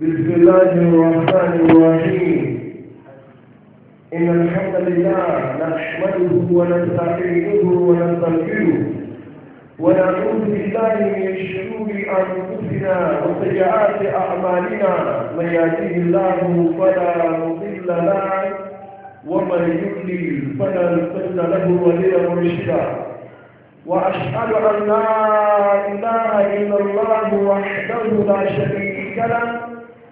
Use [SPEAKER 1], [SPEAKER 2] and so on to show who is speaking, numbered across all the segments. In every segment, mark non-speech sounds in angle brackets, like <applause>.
[SPEAKER 1] بسم الله الرحمن الرحيم إن الحمد لله نحمده ونستعينه ونستغفره ونعوذ بالله من شرور أنفسنا وسيئات أعمالنا من يهده الله فلا مضل له ومن يضلل فلا مضل له ولي مرشدا
[SPEAKER 2] وأشهد أن لا إله إلا الله وحده لا شريك له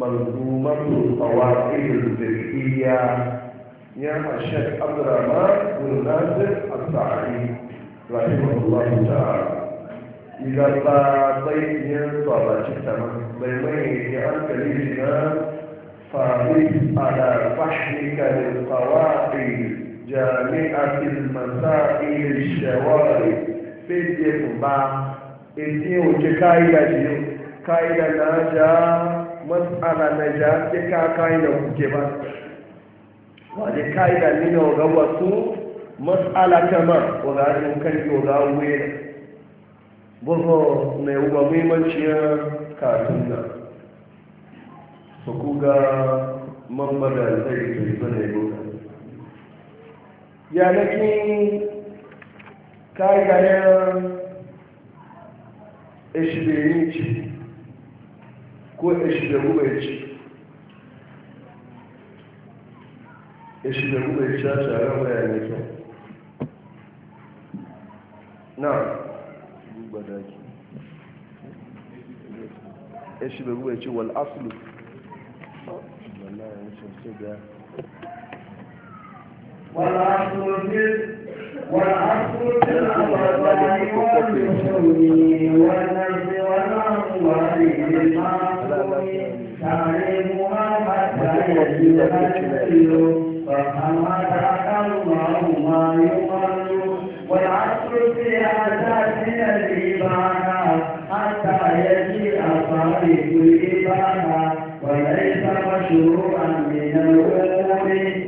[SPEAKER 1] منظومة القواعد الفقهية يا الشيخ عبد الرحمن بن ناصر السعدي رحمه الله تعالى إذا تعطيت صلاة تمام بيني أن لجنا فاحرص على فحمك للقواعد جامعة المسائل الشوارع في الجمع إنتي وجه قاعدة قاعدة ناجا matsala na jami'ai ke ka ka'ida kuke ba ba da nina ni na ga wasu matsala ta ma wa ga ajin karfi wa ga wuye da bugu na yi wa muhimmanciyar katun nan su kuga ga da zai tuni na yi buga yanakin ka'ida ya ishirin ce? ko eshigaru bai ci eshigaru bai sha sharar bayanai kyau na duba daki eshigaru bai ci wal aslu wallahi ya
[SPEAKER 2] ce وأخذ الأموال والنسل والنسل والأموال بالمعقول تعلمها متى يجب الأكل فكما تعالى يقال والعصر في أساس حتى يجيء صاحب الإبانة وليس مشروعا من الأمور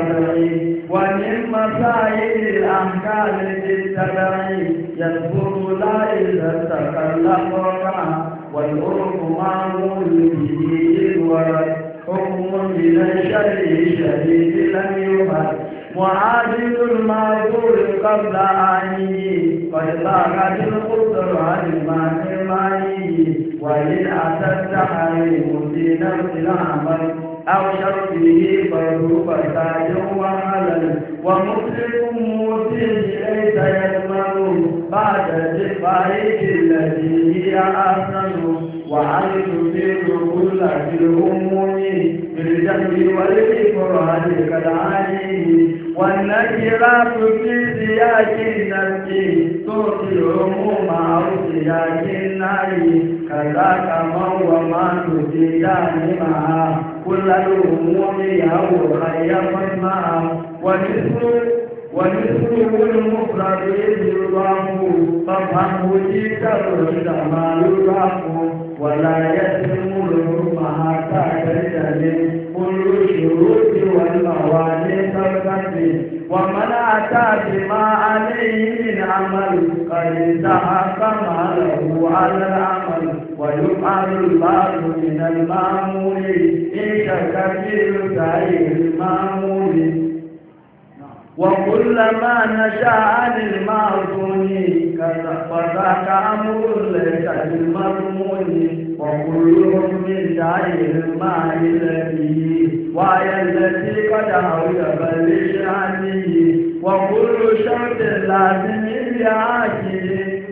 [SPEAKER 2] الشرعي ومن مسائل الأحكام في يذكر لا إذا تكلم والعرف معمول به الورد حكم من الشر شديد لم يفد معاجل المعذور قبل عينه قد ضاقت القدر عن المعنى وإن أتى التحريم في نفس العمل أو شرطه فيذوب ساجا وعلل ومسلم موسيه ليس يضمن بعد الطريق التي هي أحسن وعلم تفيد كل في الهموم بالجهل والإفراد كالعليم والنكرات في سياق النفس تعطي عموم أو سياق النعيم كذاك من وما تزيدان معه كل يوم يعور أيام معه ونسر والاسم المفرد يضاف فافهمه جيت الرشد ما يضاف ولا يتم الحكم حتى تجتنب كل الشروط والموانع ترتقي ومن اتى بما عليه من عمل قد تحكم له على العمل ويفعل البعض من المامور ان شك في سعي المامور وكل ما نشا عن كذا فذاك امر ليس بالمضمون وكلهم من دعي الماء الذي وهي التي قد اوجب لشانه وكل شرط لازم بعاجل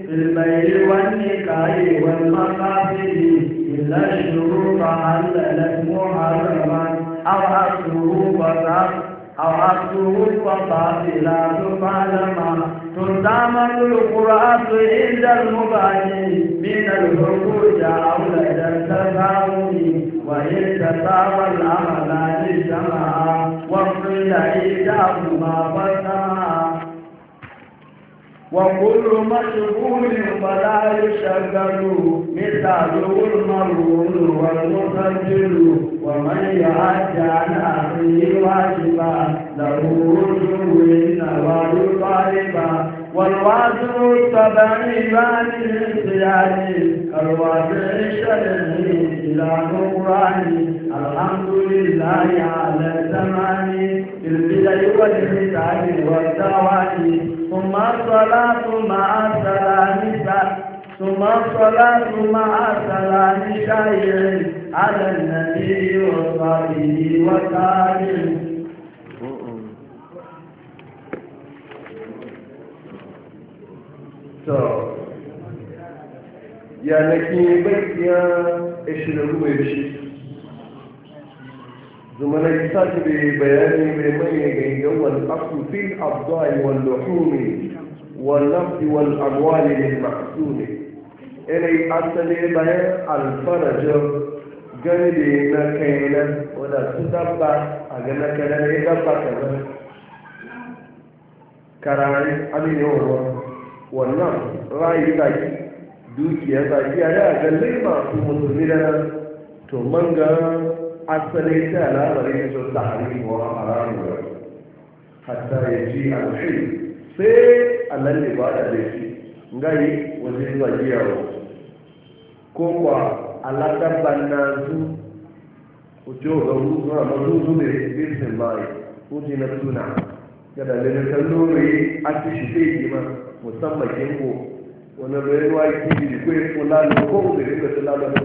[SPEAKER 2] في البيع والنكاح والمقابل الا الشروط عللت محرما او اصله وذاك أخذته الفصائل تفعلما تستعمل القراءة عند المباني من الحروج أو لدى التفاهم وإن تساوى الأملان جمعا وقيل إيجابهما فسمعا وكل مشغول فلا يشغل مثاله المرغول والمسجل ومن يعد عن اخيه واجبا ضروري نوال طالبا والواجب الطبعي بعد الانسيان كالواجب الشرعي إلى نقران الحمد لله على الزمان بالبدع والختام والدوام ثم الصلاة مع سلام شيء على النبي وصحبه وسلم
[SPEAKER 1] يعني كي بيت يا اشرب وي بشي زمان يسات ببيان بمي يوم الاصل في الاعضاء واللحوم والنفس والاموال للمحسون الي اصل بيان الفرج جانبنا كينا ولا تدبع اجانا كينا يدبع كينا كراني امين يورو wannan rayu zaki dukiya zaki ya da lima su musulmi da nan to manga asali ta lamarin da su da harimuwa a ramuwa hatta ya ji alhiri sai allalle ba da zai shi ngayi wani zuwa jiyawa ko kwa aladaban na zu ojo ga ma a mazuzu ne bisin bayi wuzi na suna ya da lalata lori a cikin shi zai ma musamman kingo wani bayan ruwa ki bi ko yi ko lalu ko mu da ka tsala da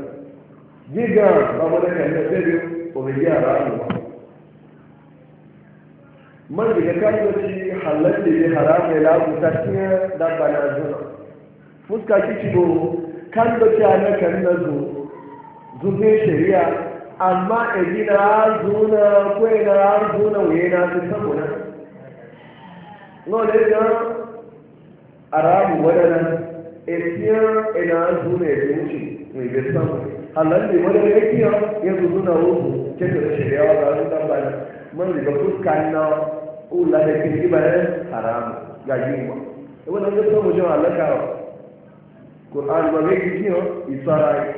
[SPEAKER 1] giga ba mu da kan da sai ko bi ya ra mu man da ka ko ci halal ne haram ne la ku ta tiya da bana zuwa fuska ki ci go kan da ci ana kan da zu zube shari'a amma edina zuna ko edina zuna wena ta sabuna no le ga aramu waɗannan etiyar ina su ne da wuce mai bai halar da wani ya kiyo ya zuzu na wuku ke da shirya wa ga su dan bana man riga fuska na ula da ke riba ne haramu ga yiwa wannan ga samu jin halaka Qur'an ba mai zai kiyo isara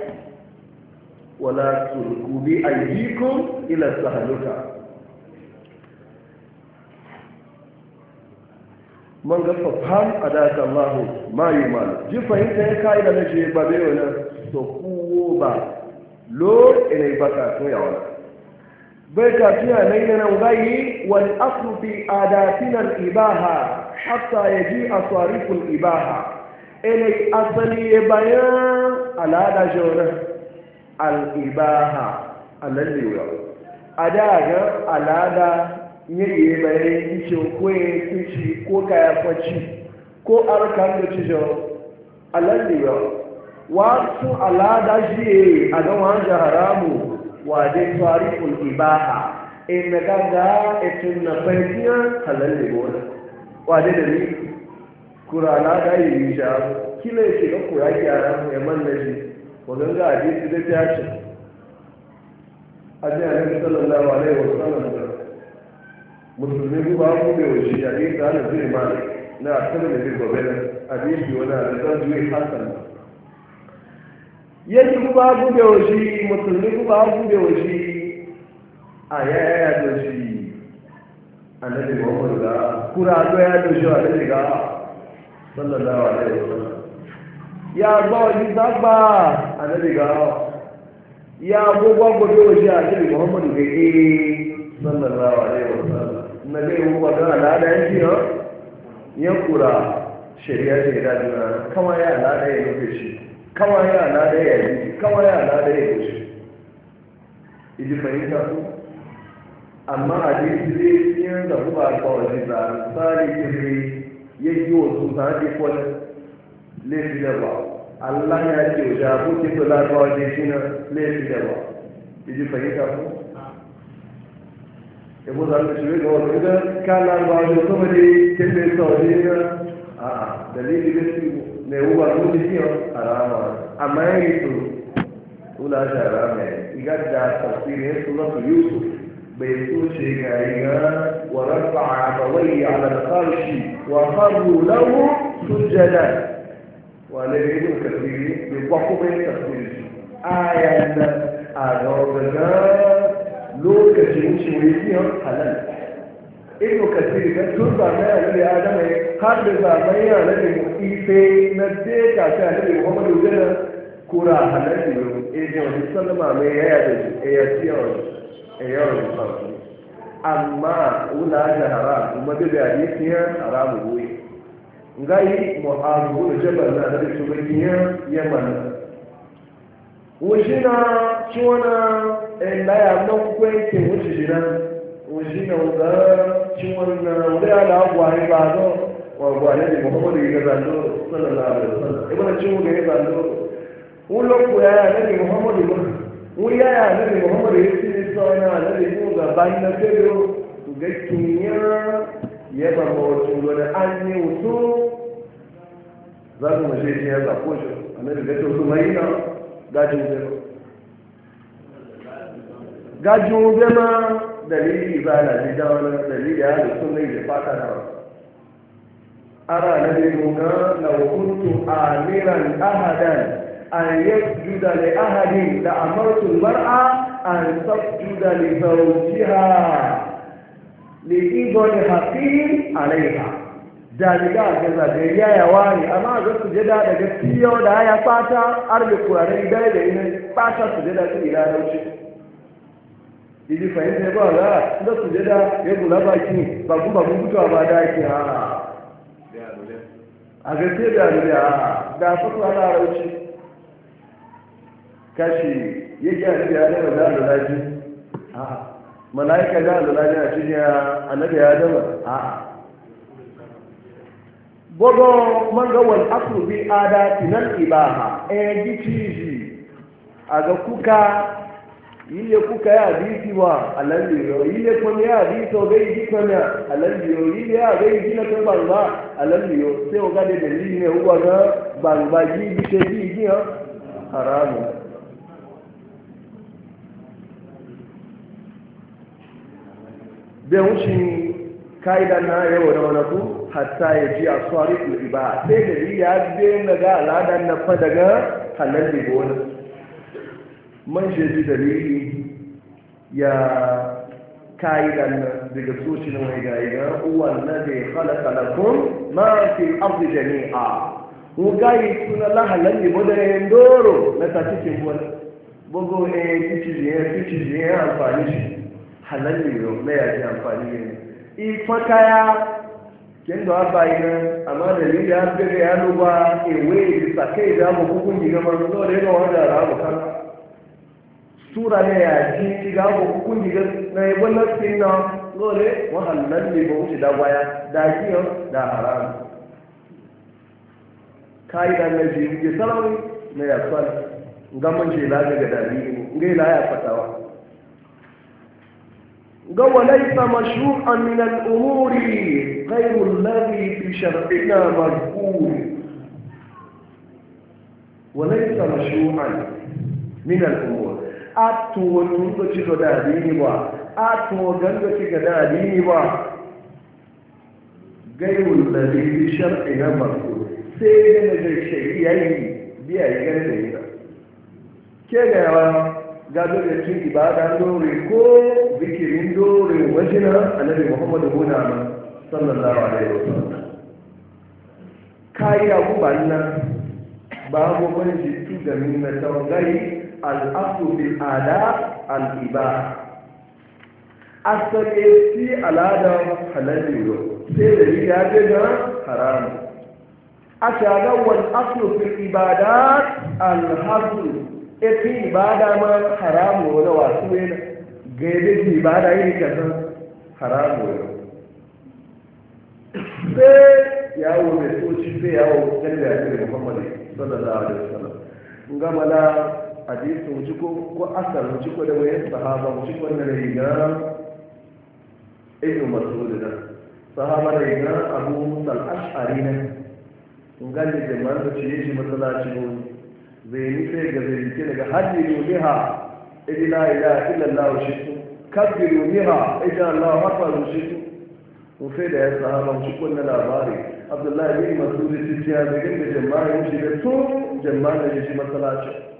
[SPEAKER 1] wala tulku bi aydikum ila tahluka man ga fafam a daga Allahu ma yi ji fahimta ya kayi da nace ba bai wani to kuwo ba lo ina ba ka tun yawa bai ka tuna nan gai gayi wal aslu fi adatina al ibaha hatta yaji a al ibaha ina asali ya bayan alada jona al ibaha alalli yawa adaga alada nye yi bayan ishe ko ya kici ko kaya kwaci ko arkan da ci jawo wasu alada shi a ga wani haramu wa ibaha in na gaga etun na fahimiyar wa da ni kurana ga yi yi kila ya shiga kura kyara ya manna shi wajen ga da tashi a sallallahu alaihi musulmi ba ku da shi a yi tsara zai ma na asali da zai gobe a shi wani da zan zuwa hasan yake ku ba ku da shi musulmi ku ba ku da shi a yaya da shi a na da da kura to ya da shi a da ga sallallahu alaihi wasallam ya ba wani zaba a na da ya gogwa gobe wa shi a cikin muhammadu ga eh sallallahu alaihi wasallam na zai yi wadda al'ada ya fiye ya kura shari'a ce da juna kama ya al'ada ya nufe shi kama ya al'ada ya yi kama ya al'ada ya yi shi iji fahimta su amma a jiki zai yin da kuma alfawar da tsari kiri ya yi wa su ta haɗe kwan laifin da ba Allah ya ce wa jabu kifin larabawa jiki na laifin da ba iji fahimta su يقول لك شوية هو كده كان أربعة جسوم دي كيف السعودية آه دليل بس نهو بعضهم دي حرام أما يسوع ولا حرام إذا جاء تفسير سورة يوسف بيسوع شيء ورفع أبوي على الفرش وخروا له سجدا ولكن كثير من وقوم التفسير آية أدورنا lokacin ciniyar halal inu kasiri ga tun na a nari adama ya har da zamai ya nari ife na deka ta nari muhammadu gana kura halal ne eji eh, wani salama mai yaya yada shi eh, ya ci yawon farko eh, amma wula da haram kuma da da yadda haram goyi ngai da jabar na da shugabiyyar yamman washina ciwonan ẹ̀láyà lọ́pọ̀ ẹ̀kẹ́ wọ́n ti ṣe náà òṣìṣẹ́ ọ̀gá tí wọ́n na orí àlà àgbà àríbà náà wọ́n àgbà àríbà mọ́kànlá ìgbàgbà lọ́rọ̀ sọ́nà láàrẹ̀ sọ́nà ẹgbẹ́ tí wọ́n gẹ̀ẹ́ bà lọ́rọ̀ wọ́n lọ́pọ̀ yáyà lẹ́bi mọ́kànlá wọ́n yáyà lẹ́bi mọ́kànlá yìí sí ní sọ́nà lẹ́bi fún gàbá iná tẹ́lẹ̀ o ǹgẹ́ kìnyẹ́rán yẹ bàbá ọ̀tún lọ́dẹ á ní òtún zanu mọ̀ ṣe ṣe ẹ̀ gajin gama dalili ibada ne da wani dalili ya da sun nai da fata da wani ara na ne nuna na hukuntu amiran ahadan an yasjuda li ahadin da amartu mar'a an tasjuda li zawjiha li idoni hakim alaiha daliga ga zaje yaya wani amma ga su je da daga tiyo da ya fata arbi kurare da da ina fata su je da su ila lauci idi fahimta ba ga da su jada ya bula baki ba kuma mun fito ba da ki ha ya gaske da da ha da su ka da rauci kashi yake a cikin adama da alulaji a mala'ika da alulaji a cikin annabi adama a gogo mangawar akubi ada tinan ibaha a yi gici a kuka ile kuka ya hadisi wa alalliyo ile kwani ya hadisi ogai ji kwani alalliyo ile ya ogai ji na kan bangba alalliyo sai oga da dalili ne huwa na bangba ji ji ke ji ji ha haramu da wucin ka'ida na yawa da wani ku hatta ya ji a tsari ibada sai da ya bi na aladan na man shi dalili ya ka'idan daga socin mai gaiga na da ya halaka kun ma fi ni jami'a mu gayi suna lahalar ne bude yin doro na ta cikin wani bugu ne ya fici ne ya amfani shi halar ne yau na yaji amfani ne
[SPEAKER 2] ifa kaya
[SPEAKER 1] kin da ba yi nan amma da ni da ya fi ya luba ewe da sakai da mu hukun gina masu zo da yana wanda rabu kan sura ne ya ji ga ko kun diga na yi wannan sinna dole wannan ne ba wuce da waya da kiyo da haram kai da ne ji ke salawi ne ya fara ga mun ji la ga dali ne la ya fatawa ga walaysa mashru'an min al-umuri ghayru alladhi fi shar'ina mazkur walaysa mashru'an min al-umuri atu wani lokaci ga da adini ba atu wagan lokaci ga da adini ba gairun da zai sharɗi na masu sai na da shari'a yi biya yi gani da yi ba ke ga yawa gado da cin ibada dore ko zikirin dore wajina annabi muhammadu huna sallallahu alaihi wasallam kayi abubuwan nan ba abubuwan jitu da nuna gari. al’afu bi ala al'iba a sake si al'ada halalli yau sai da yi ya ce na haramu a shagar wani asu bin ibada al'asu efi ibada ma haramu wani wasu ga yi ki ibada yi kasar haramu yau sai yawo mai soci sai yawo ɗan da ya ce muhammadu sallallahu alaihi wasallam gama na hadisi wuce ko asar wuce ko da wayan sahaba wuce ko na riga ibn mas'ud da sahaba da riga abu musa al-ash'ari ne kun ga da jama'an da ce shi masallaci ne zai ni sai ga zai ke daga hadiru biha ila ila illa allah shi kabbiru biha ila allah akbar shi ko sai da ya sahaba wuce ko na labari abdullahi bin mas'ud ya ce ya ga jama'an shi da to jama'a da shi masallaci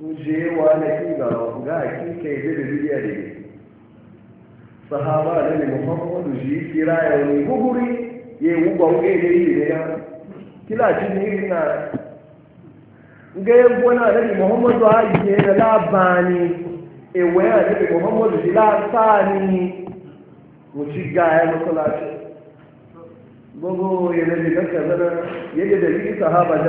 [SPEAKER 1] je wa na kiga ga hakika ya da bidiya da ne sahaba da ne muhammadu shi kira ya ya yi ugwa wuge ne yi ya kila shi ne na ga gwana da muhammadu a yi ne labani ewe ya da ne muhammadu mu ga ya masalaci gogo ya ne sahaba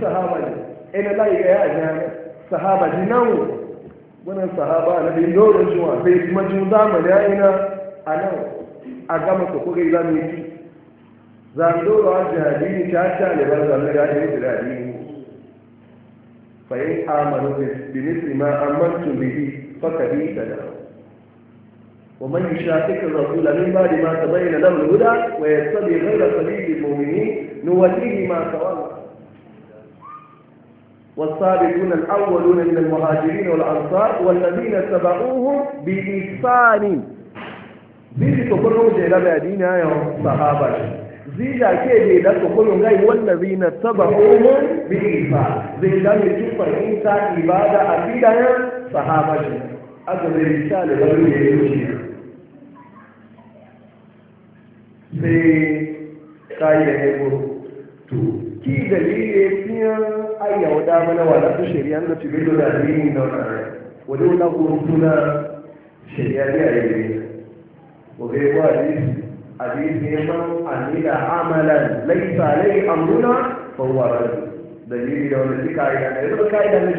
[SPEAKER 1] sahaba ina layi ɗaya a jihar sahaba ji nawo sahaba na bin dole zuwa bai kuma jin zamani ina a nan a gama ka kuka za mu yi za mu dora wa jami'in ta ta ne ba za mu ga ne da dadi mu fayi amaru da binisi ma amma tun bihi fakari da da wa man yushafika rasul min ba'di ma tabayyana lahu al-huda wa yattabi ghayra sabili muminin nuwallihi ma tawalla والسابقون الأولون من المهاجرين والأنصار والذين تبعوهم بإحسان زيجي تقولون جيدا بعدين يا صحابة زيجا كيدي لا تقولون غير والذين تبعوهم بإحسان زيدا يجب أنت إبادة أبيدا يا صحابة أجل رسالة لبني يجب sai kayi da haifuru to ki dalili ya fiye ayyawa dama na wadatu shari'a da cibiru da alini na wadare wadda wata kurutu na shari'a ne a yi wadda ya ba hadisi ya man amila amalan laisa alai amruna fa huwa rajul dalili da wani suka yi da yanzu kaida na shi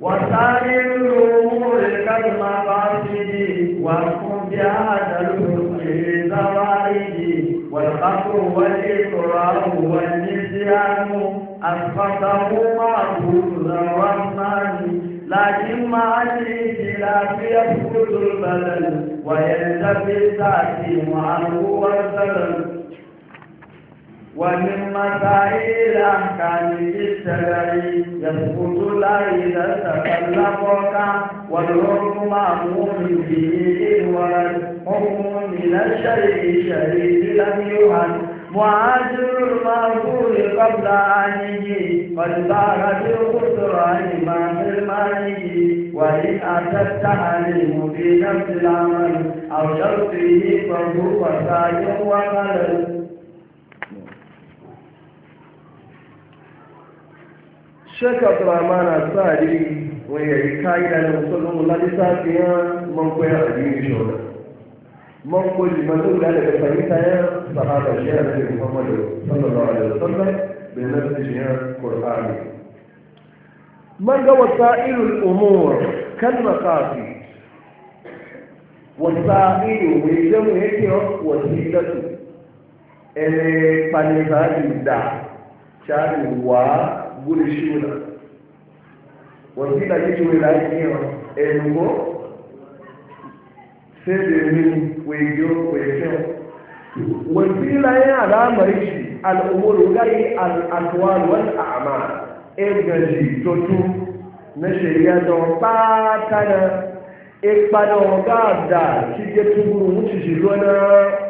[SPEAKER 2] وسائر الأمور كالمقاصد واحكم بهذا الحكم للزوائد والخمر والإكراه والنسيان أسقطه معبود الرحمن لكن مع الاختلاف يسقط البدل ويلتف التأثيم عنه والسلام ومن مسائل أحكام الشرع يسقط لا إذا تكلفك والحكم مأمور به إن حكم من الشيء شريك لم يهد معاشر المعقول قبل عنه قد باغ بالخسران ما في المعنيه وإن أتى التعليم في نفس العمل أو شرطه فهو سعي وخلل
[SPEAKER 1] شيخ عبد الرحمن السعدي وهي حكاية عن رسول الله صلى الله عليه وسلم من قوي عظيم شهر من قوي مدعو لأن بفريتها صحابة شهر محمد صلى الله عليه وسلم بنفس شهر قرآن من قوى الأمور كلمة وسائل ويجم هكيو وسيلة إلي فانيزاني دا شاري gure shula wasila yake wela hiyo engo sebe mini wegyo wegyo wasila ya alamari shi al'umuru gai al'atwal wal a'mal egaji totu na shari'a don patana ìpadà ọ̀gá àdá kí jẹ́ tó gúrùn ún ṣìṣì lọ́nà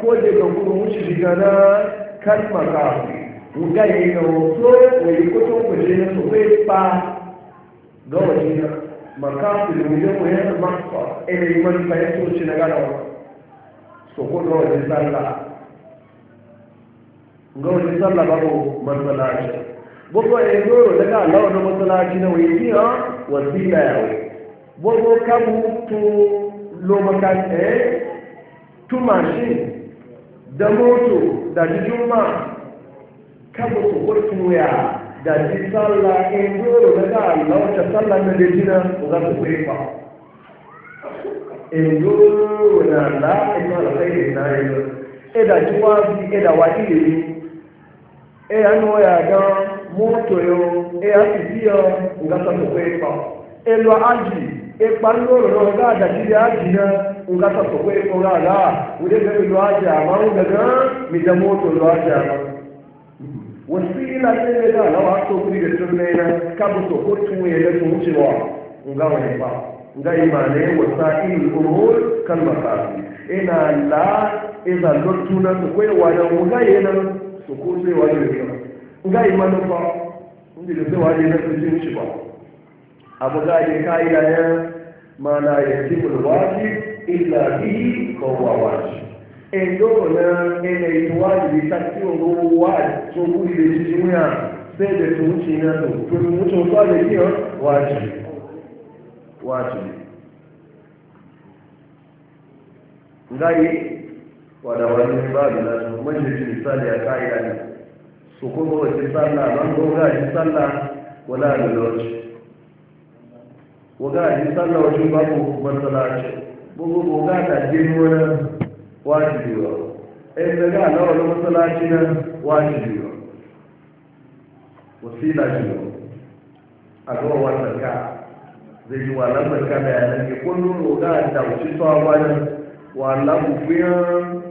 [SPEAKER 1] kó jẹ́ gbogbo ún ṣìṣì gan-an kálmà káàkiri nga yi na wato wani kutun kuje na su bai ba ga wani na maka su da wujen wani na masu ene yi wani bayan soci na gana wani so ko ga wani sallah ga wani sallah ba ko matsalaci gbogbo ya zoro daga alawa na matsalaci na wani biya wasila ya wani gbogbo kabu to lo maka eh tu mashin da moto da jijin ma kada su kurkin wuya da ji sallah in dole na ga Allah wacce sallah na da jina za su kure ba in dole na la in ma da sai na yi e da ji wa bi e eh, da wa ilimi e eh, an waya ga moto yo e a ti biyo ga sa su kure ba e lo aji e pariwo lo ga da ji ya ji na nga sa su kure ko ga ga wuri ga lo aji amma ga ga mi da moto lo aji amma wasu ina ne ne da alawa so kuri da sun na kabu so ko tun ya da sun cewa nga wani ba nga imane wasa il umur kan makasi ina la ina lottu na su koyi wani nga yana su ko sai wani da kira nga imane ba inda da sai wani da su jin shi ba abu ga yi kai ya mana ya tibul wajib illa bi fa huwa wajib endo na ene ituwaji vitati ongo waji sobu ile jijimuya sede tumuchi inato tumucho ufale hiyo wajibi wajibi ngai wadawalini mbali na mwenye jimisali ya kaida ni sukumo wajisalla mangonga wajisalla wala lolote sala wajisalla wajubabu masalacho mungu mungu hata jini wajibi wa ɗaya daga alawar matsalaci nan wajibi wa wasila ce wa a zuwa wannan ka zai yi walan zarka da yanar ke da wuce wajen walan bufiyan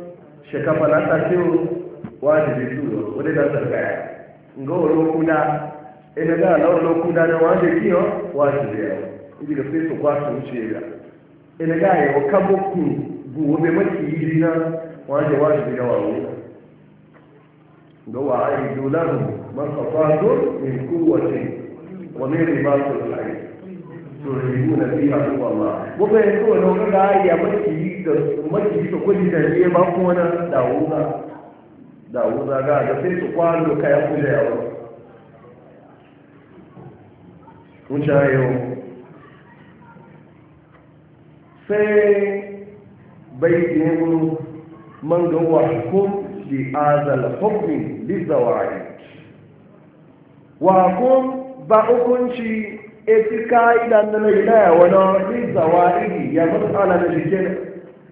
[SPEAKER 1] shekafa na tafiyo wajibi su wa wadda da zarka ya ga wani na wajibi kiyo ya gobe makiri na waje wajibi da wawo da wa ai dolan masafatu min kuwati wa min ribatul hayy to yuna fiha Allah ko ba ko no ga ya makiri da yi da kulli da ne ba ko na dawuza dawuza ga da sai su kwalo kaya kula yawo kun yau sai baitihim man ga wahkum bi azal hukmi bi wa hukum ba hukunci eti ka'idan da na ilaya wani bi zawai ya matsala na jikin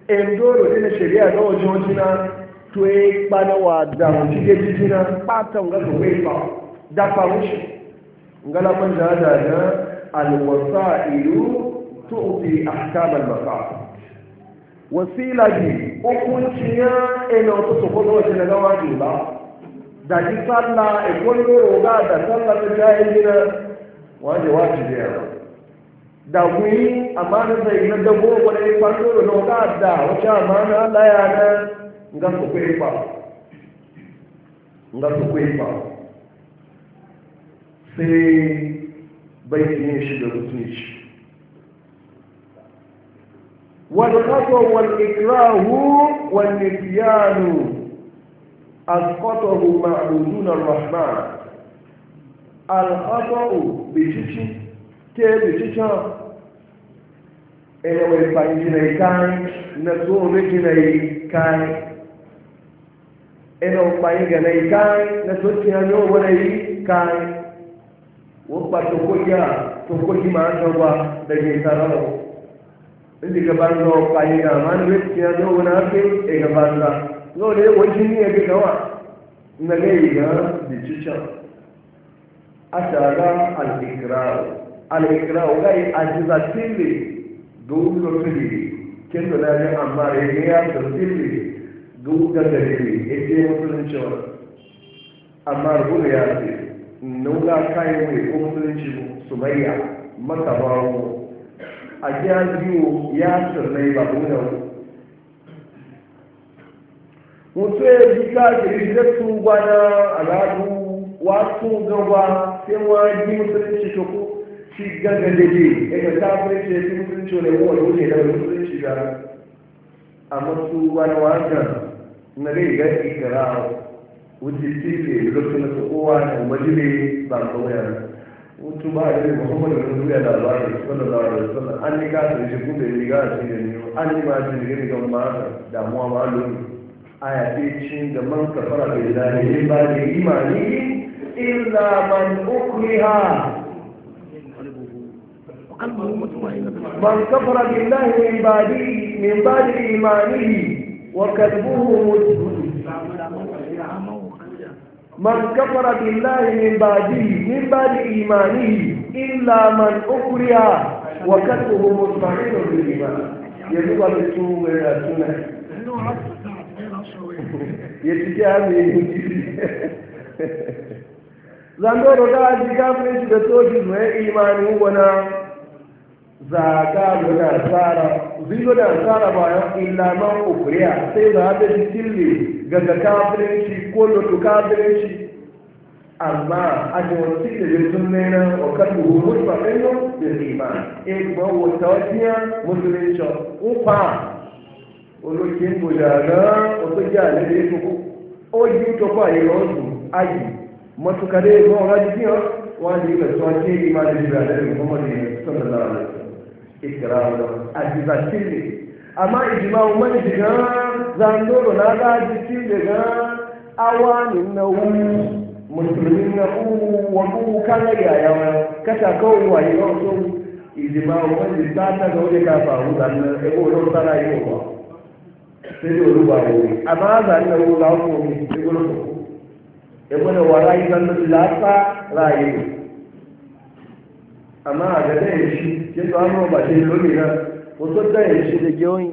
[SPEAKER 1] endoro ne na shari'a ga wajen jina to ya kpana wa damu cike ke jina patan ga su kwai ba da farushi ngala man da da alwasa'ilu tu'ti ahkam al-maqasid wasila ji hukunci ya ina wata sokoto wace na gawa ji ba da ji salla e kwallo roga da salla ta jayi gina waje wace da yawa da kuyi amana zai na dabo wani ya kwallo roga da wace amana laya na nga su kwai ba nga su kwai sai bai ne shi da mutunci والخطأ والإكراه والنسيان أسقطه معبودون الرحمن الخطأ بشيشي كيف بشيشا إنه يفنجني كان نسوه بجني كان إنه يفنجني كان نسوه كيانو ولي كان وقت تقول يا تقول ما أنت دجي ترى ndi ga banza wa ga mani wetin ya wani ake e, e ga banza zo ne wajen ne ga na gai a shaga al-ikrawo al-ikrawo gai a jiza tilli ga wuzo tilli kin da na yin amma e ya yi e ya da tilli ga ya ce musulunci wa amma rubu ya ce nuna kayan mai ko musulunci su a kya biyu ya tsirrai ba mu da mutu ya ji ka jiri da su gwana al'adu wasu gaba sai wa yi musulunci shoko shi gangan da ke yadda ta furce shi musulunci wani wani wuce da musulunci da a masu wani wajen na rai ga ikira wuce shi ne da su na kowa da majile ba kawai mutu ba ne muhammadu rasulullahi da Allah sallallahu alaihi wasallam an ni ka da shi kuma ni ga shi ne an ni ma shi ne ga ma da mu ma lu aya ce da man kafara billahi ba da imani illa man ukriha من كفر بالله من بعد من بعد إيمانه man kafara billahi min ba'dihi min ba'di imanihi illa man ukriha wa kalbuhu mutma'innun bil iman yanzu ba da su ga suna ya tike ami zando da da ji kafin shi da toki mai imani wana zaka da tsara zigo da tsara bayan illa man ukriha sai za ta tilli daga kafirinci ko lotu kafirinci amma a jawarci da jirgin nena a kan buhu mutuwa ɗanyo da rima e kuma wata wajiya musulunci ufa olokin bujana wasu jale da ya tuku oji to kwa yi rosu ayi matukare ma wajen biyo wajen da suwa ke rima da jirgin da rima kuma ne sallallahu alaihi wasallam ikiramu a jizar amma ijimawu man jigan zandoro na gaji ti daga awanin na wuni musulmi na uwu wa kuku kana yaya ka kata kawo wa yi izima wani ta ta ga wani ka faru zannan ego wani tsara yi wa sai ne amma za na kuku ego na wara yi zannan lasa rayu amma ga da shi ke ba shi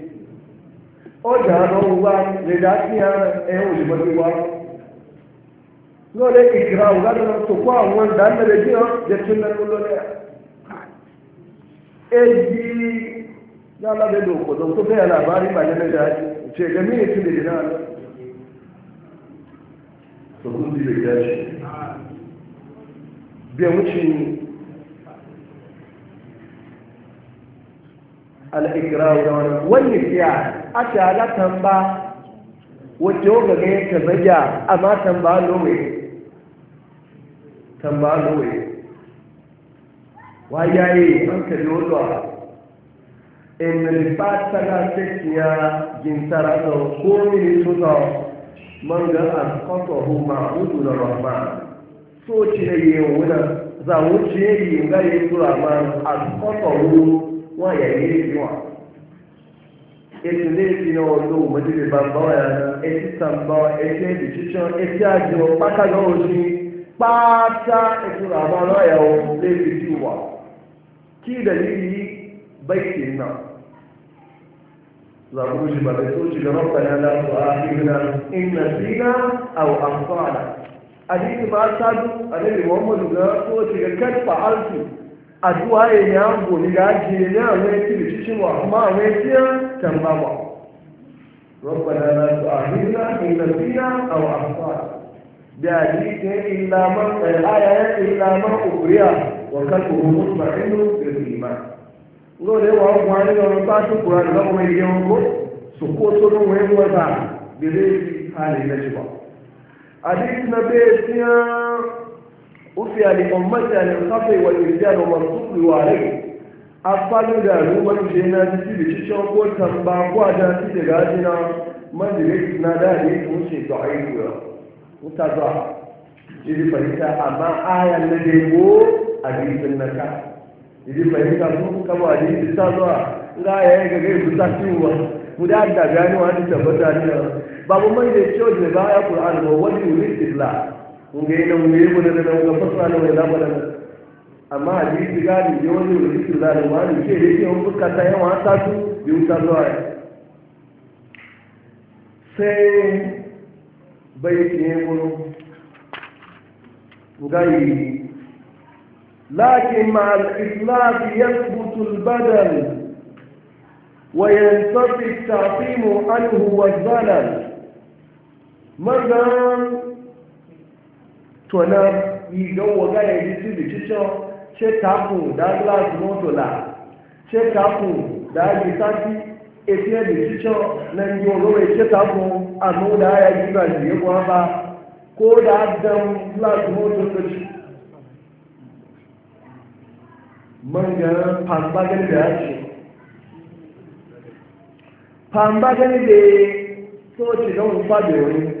[SPEAKER 1] Ọ ga wa lè dá a ẹ̀hún olùmọ̀tò wa lọ́lẹ̀ ìkìrà ọ̀gáda náà tó kó àwọn ìdánilẹ̀ bí wọ́n jẹ́ tó lẹ́nu lọ́lẹ̀ èyí yálà bẹ́ẹ̀ al'ikira wurin wani siya a tara ba wacce ne ta ya a, amma tamba lowe tamba lowe wayaye an ka lolo in lifata na sekiya gintara da komi suna man ga an kwato hu ma'udu na rahman so ci da yi wuna za wuce yi ga yi tura man an kwato hu wa ya yi ne wa ètò ilé ìfihàn ọdún òmòdìrí bàbá ẹ̀ ẹtí sàmbá ẹtí ẹtì ṣíṣan ẹtí àjọ pátákó òṣì pátá ètò àbá ọlọ́yà ọ̀hún lébi tí wà kí ìdẹ̀lẹ́ yìí bẹ́ẹ̀kì náà làbúrò ṣe bàbá tó ṣe lọ́rọ̀ pẹ̀lú aláàbò àfihàn ìnà síná àwọn àǹfààní àdéhùn bá ṣáájú àdéhùn mọ́mọ́dù náà tó ṣe kẹ́kẹ́ pàálù àdúrà èèyàn bò nígbà jìnnì ní àwọn etí lè ṣíṣí wà mọ́ àwọn etí ẹ̀ tẹ̀mbà wà. ربنا لا تؤاخذنا إن نسينا أو أخطأنا بحديث إلا من الآية إلا من أقرئ وقلبه مطمئن بالإيمان lórí wọn wọn ní ọ̀rọ̀ bá da kúrò àdúgbò ọmọ ìyẹn ọgbó sòkó ufiya li ummati an safi wal irjan wa rasul wa alayhi afalu da ruwan je na ji da cikin ko tamba ko da ji da gajina man da na da ne ko ce to ai ko mutaza ji fahimta amma ayan na dai ko hadisin naka ji fahimta su kama hadisi ta zuwa za ya yi gagai su ta ciwa mu da da gani wani tabbata ne babu man da cewa da baya qur'an wa wani yurid billah kunga yi nan wuyi mu da nan ga fasa na mai lamar nan amma a jiki gani ya wani wani su zane ma ne ce yake yawan fuska ta yawa an tasu biyu ta zuwa ya sai bai tiye gudu gayi لكن مع الإسلام يثبت البدل وينتفي التعظيم عنه والزلل tọ̀nà ìdánwò gáyẹ̀ yìí sí lè ṣíṣọ́ ṣé takùn dá gíláàsì mọ́tòlá ṣé takùn dá yìí sáàtì ètí ẹ̀lẹ̀ ṣíṣọ́ lẹ́yìn olóore ṣé takùn àmúdá ayé gbígbà yìí wọ́n bá kó dá dán gíláàsì mọ́tòlá manyan pamba gani da yake pamba gani da so ci don fadi wani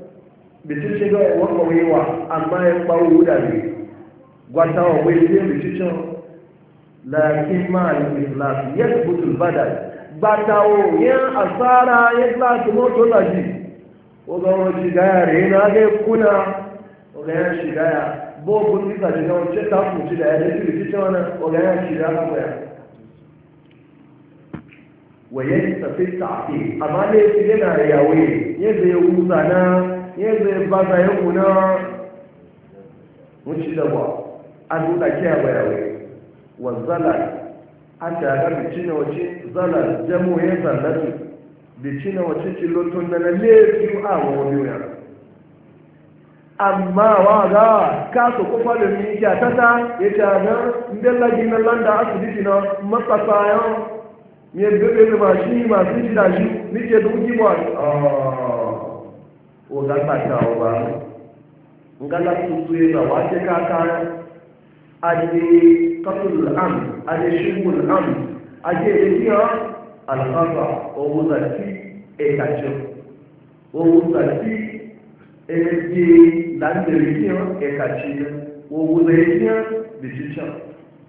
[SPEAKER 1] bìtítí náà wọ́n kọ̀wé wà àmọ́ ẹ̀pá owó dàbí gbàtà ọ̀wé ilé bìtítí náà láàkí máa ní ìlàsì yẹ́sì bùtù bàdà gbàtà ò yẹ́ àsára yẹ́ gíláàsì mọ́tò làjì ó gbà wọn ṣìgáyà rẹ̀ iná lé kúnà ọ̀gá yẹn ṣìgáyà bóòbù ní ìtàjì náà ṣé ká fún létí náà ọ̀gá yẹn ya zai ba za ya kuna wuce da ba an nuna kiya bayawai wa zalar an shagar bici na wace zalar jamo ya zallatu bici na wace cilotun na na lefiyu a wani wuya amma wa ga kasu kufa da miki a tata ya shagar ndallagi na landa asibiti na matsasayan ya bebe da mashi masu shi da shi nike duki ba ugakpatawo ọba ngala tutue ba wateka kara ade qatlul am ade shirkul am ade etia alkhata owu zati ekacho bichicha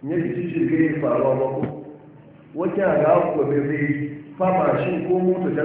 [SPEAKER 1] nye bichicha nye faruwa bako wajen ga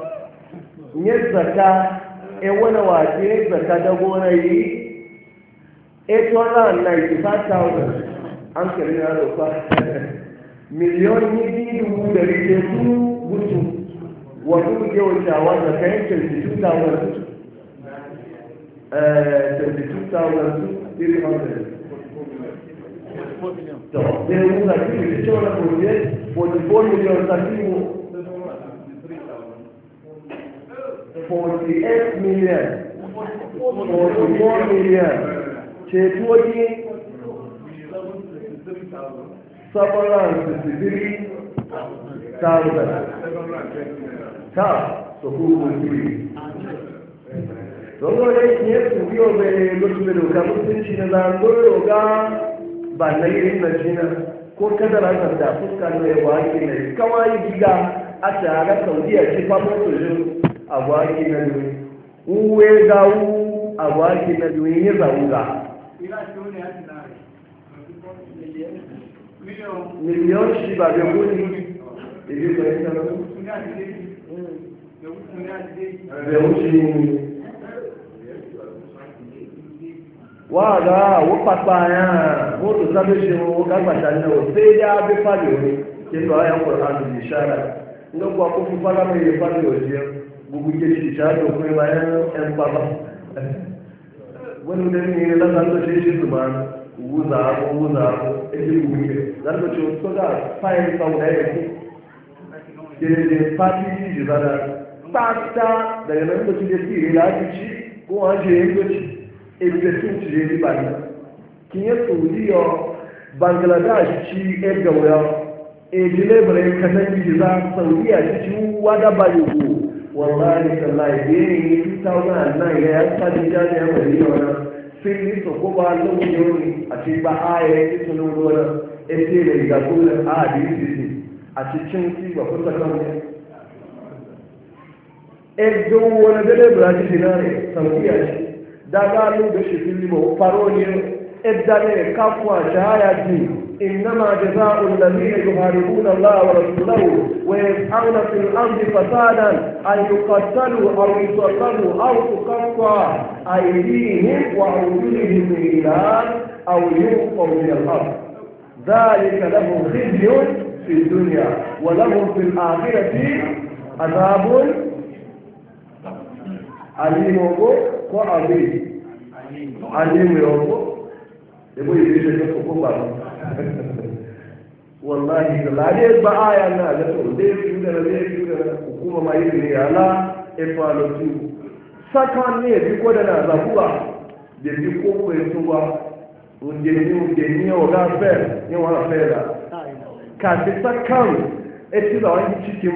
[SPEAKER 1] nye zaka ewana waje zaka da gona yi eto na 95,000 an kere na rufa miliyon yi dubu da rike su mutu wa kuma ke wuce wanda kai 22,000
[SPEAKER 3] Então, tem um aqui que chama por ko milhões de ativos
[SPEAKER 1] Forty-eight million forty 44 million ceto ji 763,000 ta thousand. kuma Tọ́gbọ́n ní kí é kù bí ọmọ ẹni lóṣùgbẹ̀rẹ̀ òkà mú sí ṣe náà lórí ọ̀gá bà nàírí nàìjíríà ko kadara da fuska ne wa ke ne kawai giga a tare saudiya ce fa mutu agwaki na duni uwe gawu agwaki na duni ya zauga miliyon shi ba da kuni ibi ko yin taro da wuce wa ga wupapa ya wotu sabe shi wo kagbata na o sai ya bi fali ori kí ló ayé ń kọ̀ láti ìṣára ń lọ́gbọ́ akókò fálámì ìfálámì òjì ẹ̀kọ́. gbogbo ke ti ta da kuma bayan yan baba wani da ne na san da shi shi zuba wuza ko wuza ko eji wuce zan da ce ko da fayin sau da yake ke ne fati ji ji zara tata daga nan da suke ci ila ci ko an je yin goci o ci je ba ni kin ya saudiya bangladesh ci edgar wuya ejile eh, bare kasan ji za saudiya ci wada bayo wallahi tallahi dini ni tutauna nan ya yasa dijani ya bari wana fili to ko ba lu yoni ati ba aye ti sunu gona ete le ga kula a di di ati cin ti ba ko ta kan e do wona dele brati dinare tamkiya da ga lu da shi fili mo paroni ادعي كفوا شهاية إنما جزاء الذين يحاربون الله ورسوله ويسعون في الأرض فسادا أن يقتلوا أو يصلبوا أو تقطع أيديهم وأرجلهم إلى أو يوقفوا من الأرض ذلك لهم خزي في الدنيا ولهم في الآخرة عذاب عليم وعظيم عليم يوم da bai yi da kafa ko ba wallahi da lare ba aya na da to da yi da da yi da hukuma ma ne ya la e saka ne bi ko da na za ba bi ko ko tuwa ni ni o ga fe ni wa fe da ka ti sakan e ti da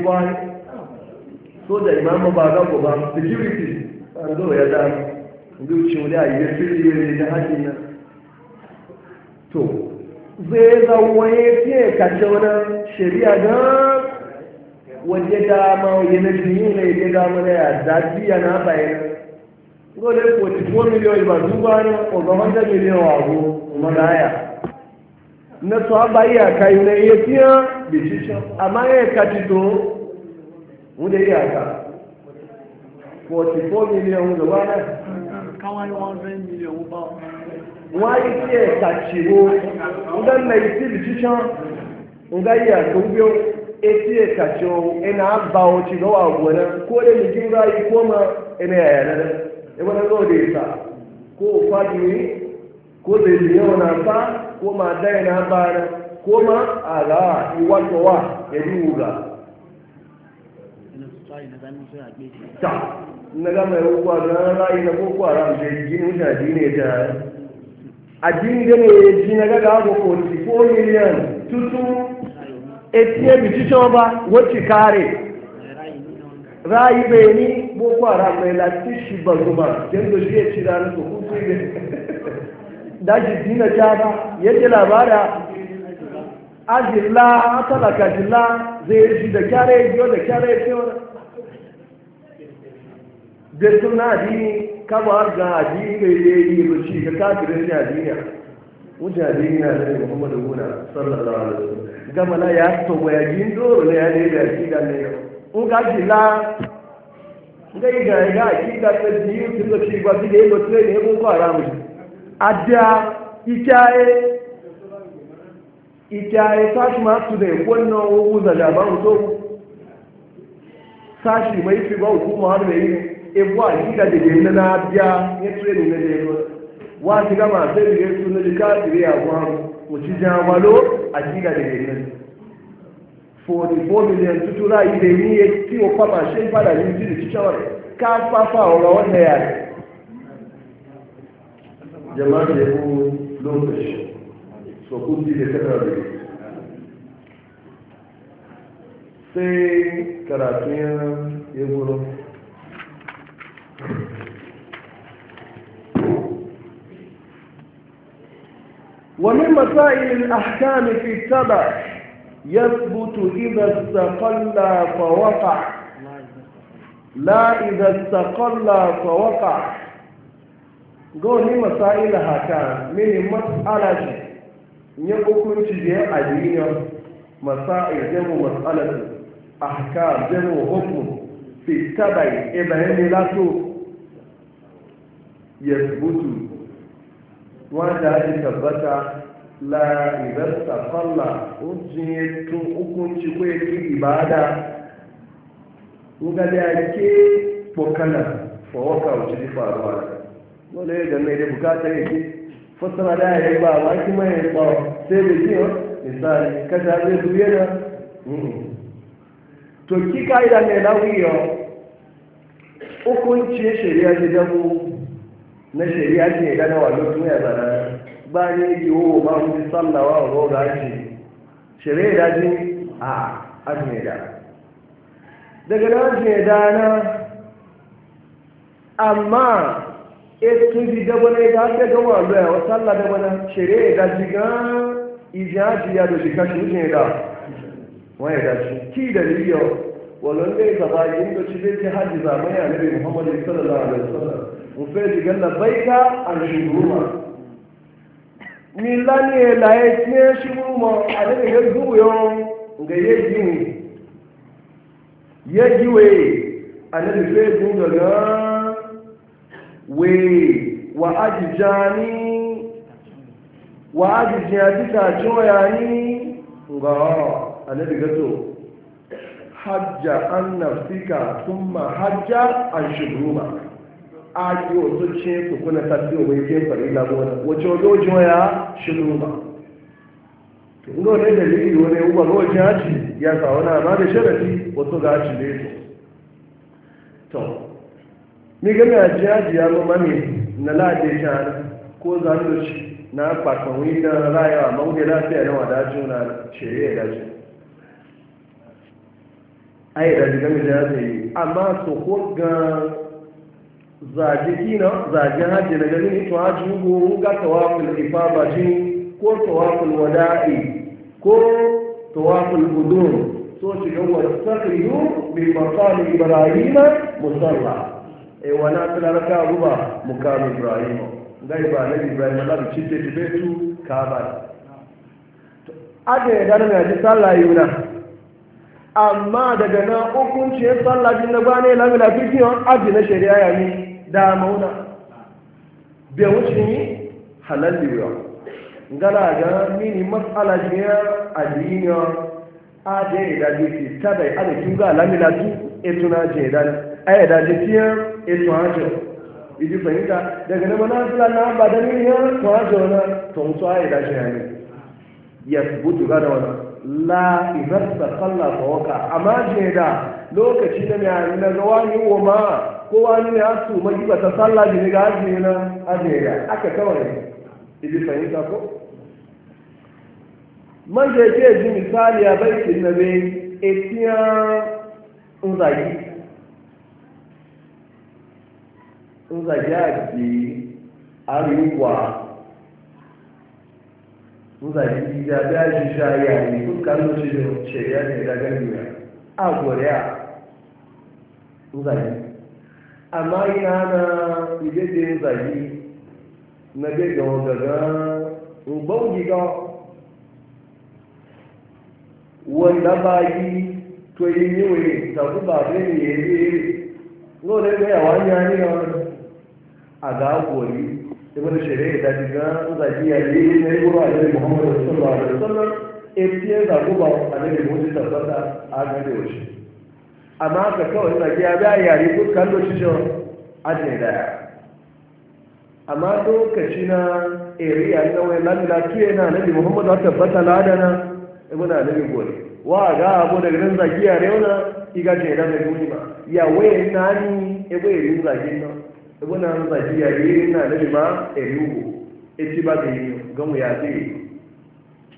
[SPEAKER 1] wani so da imamu ba ga ko ba security an ya da ndu ci wani a yi da fili ne da hakkin to zai zawaye fiye kace wani shari'a don waje dama yana jini ne ya dama na ya zafi ya na bayan gole 44 miliyon ba duba ne ko wago kuma na ya na to ba iya kai na iya fiye amma ya kaci to mu iya ka 44 miliyon gaba na
[SPEAKER 2] kawai 100 wọ́n yí sí ẹ̀ka tìwó nga mẹ́yì
[SPEAKER 1] sí ibi títán nga yí àtúngbó etí ẹ̀ka tìwó ẹ̀nà àbá ọtí lọ́wọ́ àwọ̀ náà kó lè ní kíndà yí kó ma ẹ̀nà ẹ̀yà náà ẹ̀wọ́n náà lọ́wọ́ de ìta kó o fa kiri kó lè ní ẹ̀wọ̀n náà fa kó ma dá ẹ̀nà àbá náà kó ma àlá ìwàtọ̀wà ẹ̀dí wùgà. ta nnaga mai wukwa na rayu na boko haram da jini àjíǹde ní èjì nagaga àgbòkò ti kó mílíọ̀nù tuntun ba wacce kare rayi wọ́n ti káre ráyí bẹ́ẹ̀ ní gbogbo ara mẹ́la tí ṣùgbọ́n gbọ́n jẹ́ńdọ̀ sí ètí ní zai shi da kyare biyo da kyare ya ce wani. na kaba ga addini ga yi yi ba shi ka kafirin jadini mujadini na da muhammadu guna sallallahu alaihi wasallam gama na ya tobo ya jin doro ne ya ne da shi da ne un ga ji la ga ga ga ki da ta ji yi da shi ba ji da ba sai ne mu ba ramu adda ikaye ikaye sashi ma su da wannan wuza ba mu to sashi mai fi ba hukuma har da yi ebu a yi da dede na na-abịa nye tụrụ enyi na dede wa ti gama sai da yesu na jika tiri ya gwa mu ci jan walo a ti ga dede na 44 million tutu ra ile ni ye ti o pa ma ṣe padà ní ti di tíṣọ́ rẹ̀ ká pápá ọ̀rọ̀ wọn lẹ́yà rẹ̀ jẹ́mọ́ ṣe kú lóòpẹ̀ sọkú ti lè tẹ́lẹ̀ rẹ̀ sai karatun ya gbọ́rọ̀ ومن مسائل الأحكام في التبع يثبت إذا استقل فوقع لا إذا استقل فوقع قولي مسائل هكذا من مسألة يقول تجي أدينة مسائل جمع مسألة أحكام جمع حكم fìtàbàì ẹbàá ní látò yẹ̀sùbùtù wọ́n dá ìtàbátà la ìrẹ́sà fọ́là ó jìnyẹ tun okùn tí kò yẹ e kí ìbáadá ngálẹ́ àké pọ̀kánà fọwọ́kà òjì ji faruwa wọ́n lè gàmé ilé bukata yìí fọ́sánà dáa yẹ gbà wá kí to kika ka'ida mai lawiyo hukuncin shari'a ce damu na shari'a ce da na wajen tun ya zara bayan yi wo ma mutu sallawa a roga ce shari'a da ji a azumi daga na azumi da na amma etu ji dabo na ita ake gawa wa sallah dabo na shari'a da ji gan izi ya da shi kashi wuce da wani da shi ki da liyau walon dai gaba yin da shi zai hajji zamani a nabi muhammadu sallallahu alaihi wasallam diga ni ale nga ye ye ale we wa wa ni annabi gato hajja an sun ma hajja an shubruma a ki wato ce su kuna tafiyo mai ke farila gona wace wato joya shubruma to ina wani dalili wani uba ga wajen haci ya sa wani amma da sharafi wato ga haci da yato to ni gana jaji ya zama ne na lade shahara ko zanuci na kwakwani na rayuwa mawuyi lafiya na wadajuna ce ya dace Ayi da diga mai da zai amma su ko ga zaje kina zaje haji daga ne to haji go ga tawaful ifaba shi ko tawaful wada'i ko tawaful qudum so shi ga wa saqiyu bi maqam ibrahima musalla e wana tilaraka ruba mukam ibrahima ngai ba nabi ibrahima la bi cite tibetu kaba ade da na ji sallah amma daga na hukuncin sallajin na bane lamila fikiyon aji na shari'a ya yayi da mauna bai wuce ni halal liya ngala ga mini mas'ala jiya adiniya aje da bisi tabai ada kinga lamila tu etuna je da ai da je tiya etu ajo idi fahimta daga na mana sala na ba da ni ya to ajo na to so ai da je ne ya butu ga da wannan la idan ta kalla ta waka amma je da lokaci da mai na ga wani wa ma ko wani ne asu magi ba ta salla ji ne ga aje na aje da aka kawai ibi fahimta ko man je ke ji misali a baitin na be etiyan nzagi nzagi a ji arewa muzaki da daji shaya ne kun kallo shi da ne a goriya amma ina na ide da muzaki na bai ga wadaga ubangi ga ba yi to yi yi ba ne ne ne ne ne ya aga a ibn shari'a da diga yi na yi da muhammadu sallallahu alaihi wasallam etiye da guba a da mutu tabbata a da shi amma ka kawai zaki ya ga yare ko kallo shi shi da na area na wai lamila ladana ibn nabi gore wa ga abu da gidan zaki ya nani ebe zaki ibu na nza na nabi ma eri ugu eti ba ga yi ya ti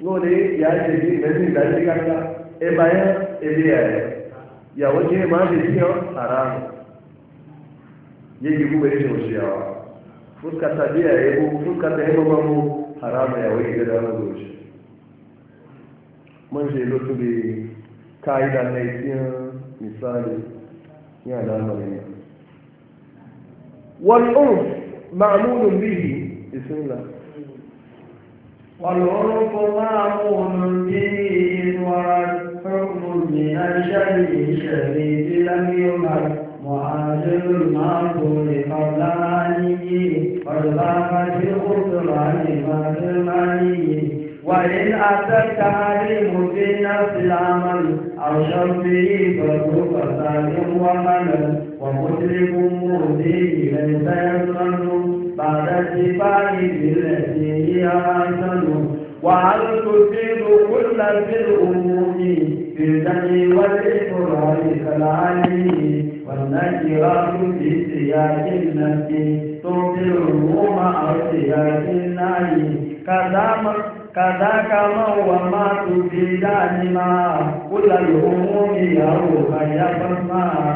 [SPEAKER 1] lori ya ce ji da shi kanga e bayan ya waje ma bi ara haram ya yi gube shi ta biya ya yi fuska ta yi babamu haram ya waje da wani zoci na misali والعرف معمول به بسم الله
[SPEAKER 2] والعرف معمول به والحكم من الشريف الشريف لم يمر معادل المعقول قبل عليه وارضاك في الخسران بعد المالي وإن أتت التعليم في نفس العمل أو شرطه فهو فساد وملل ومسلم به ليس يمنن بعد اتفاق بالتي هي احسن وهل تفيد كل في الامور بالدم والاقرار كالعلم والنكرات في سياق النفس تغفر الروم او سياق النعي كذا كذاك هو ما تفيدان ما كل الامور يروح يفرما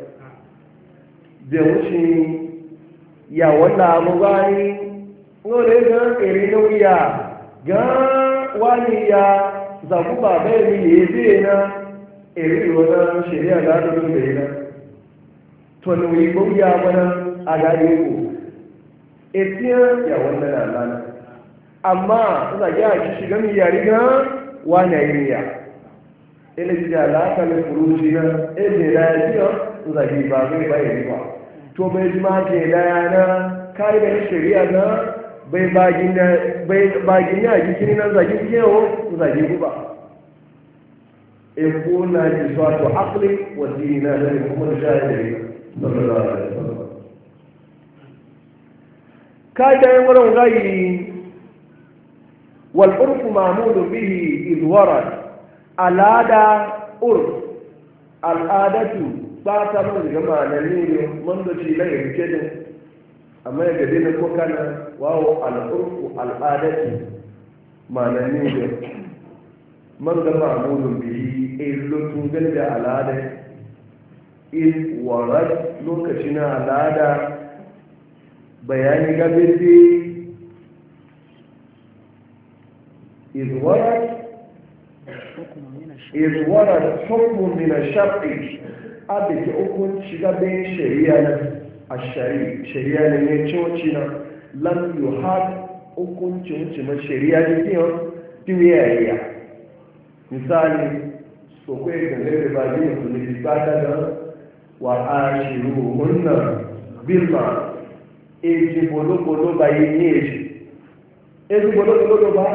[SPEAKER 1] da wuce ya wanda abu bayi nore ga iri nauya ga wani ya zaku ba bai ne ya zai na iri wani shari'a da aka zo da ina to ne wani mana a gari ku etiyan ya wanda na lana amma za ki shiga mi yari ga wani ya yi miya ina ji da alaƙa na furuci na ebe na ya ji ba bayan ba to bai jima ke laya na kare da shari'a na bai bagin ya kiri na zagin kewo zagin guba eko na ji suwa to akli wasiri na zai kuma da shari'a da rika sallallahu alaihi wasallam kai da wurin gayi wal urfu ma'mulun bihi idwara alada urf al'adatu ba ta mun ga manani ne mun da shi la yanke ne amma ya gade na ko kana wawo al'urfu al'adati manani ne man ga ma'mulun bihi illutun gani da al'ada in warad lokaci na al'ada bayani gabe bi إذ ورد إذ mina shafi abe ke okun hukunci gaben shari'a na a shari'a ne ne coci na lam yu har hukunci wuce ma shari'a ne ke yau tiwiyayya misali so kwaye ga zai ba ji musulmi ba ta da wa a shiru hunna bilma eji bolobolo ba yi ni eji eji bolobolo ba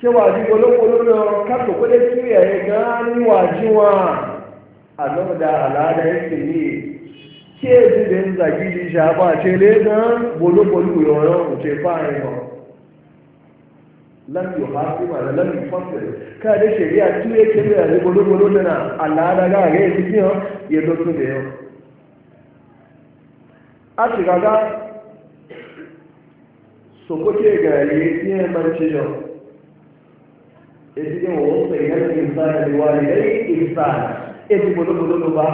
[SPEAKER 1] kewa ji bolobolo na kato kwade tiwiyayya ga ni wajiwa a gama da alada yake ne ke ji da zagi ji sha ba ce ne na bolo-bolo yawon ce fa'in ba lam yi hafi ma da lam yi fasir da shari'a tu ya ke da yanzu bolo-bolo da na alada ga ga yake ne ya dotu da yau a shiga ga sokoke ya yi ne marci yau ya cikin wasu sai yanzu insani da walidai sa. eji gbologolo ló bá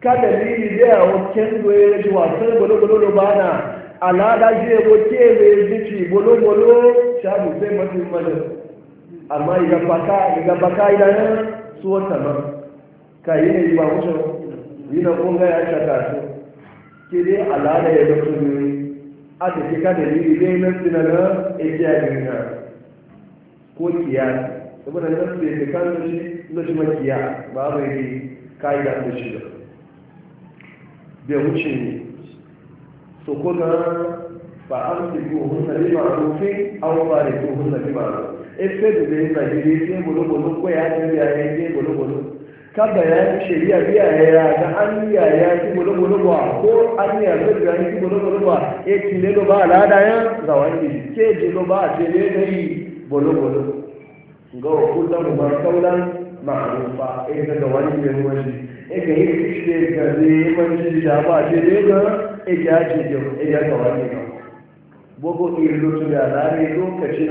[SPEAKER 1] ká dalili dai a wakin goye ji wasan gbologolo ló bá na alada je wo kewe zici gbologolo shabu sai mafi madar amma iga baka iga baka idanar su wata ma ka yi ne ba wucin yi na kunga ya shaka su ke dai alada ya zafi ne a da ke ka dalili dai na sinanar ejiya gina ko kiyasi saboda nan da ya kan da shi na shi makiya ba mai yi ka'ida da shi da bai wuce ne so ko ga ba an su yi ohun na riba rufe an ba da ke ohun na riba rufe efe da zai na gire ke bolo-bolo ko ya ce ya yi ke bolo-bolo ka bayani shari'a biya ya ga an ya ya ki bolo-bolo ba ko an ya ga ya eh, ki bolo-bolo ba e kile do ba alada ya zawani ke je do ba je ne dai bolo-bolo ga wa kullum ba kaulan ma'arufa e ga wani ne wani e yi ce ga ne wani da ba ce ne ga e ga ce ga e ga wani ga bogo irlo to da lare lokacin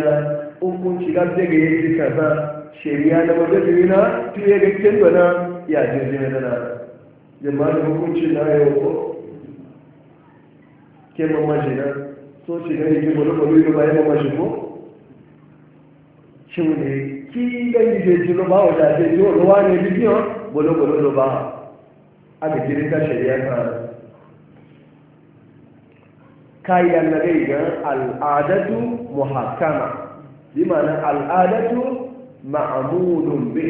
[SPEAKER 1] hukunci ga daga yi kaza shari'a na wajen na tuye ga kin wana ya jirgin na na jama'a da hukunci na yau ko ke mamaji na so shi ne ke bolo bolo ba ya mamaji ko tí wọ́n lè kí lẹ́yìn ìdèjì ló bá ọ̀dà àdèjì ó ló wá ní ibi díàn gbólógbòló ló bá agbègbè ní káṣẹ̀lì ẹ̀ka rẹ̀. kayan na gai gan al'adatu muhakama bi ma'ana al'adatu ma'amulun bi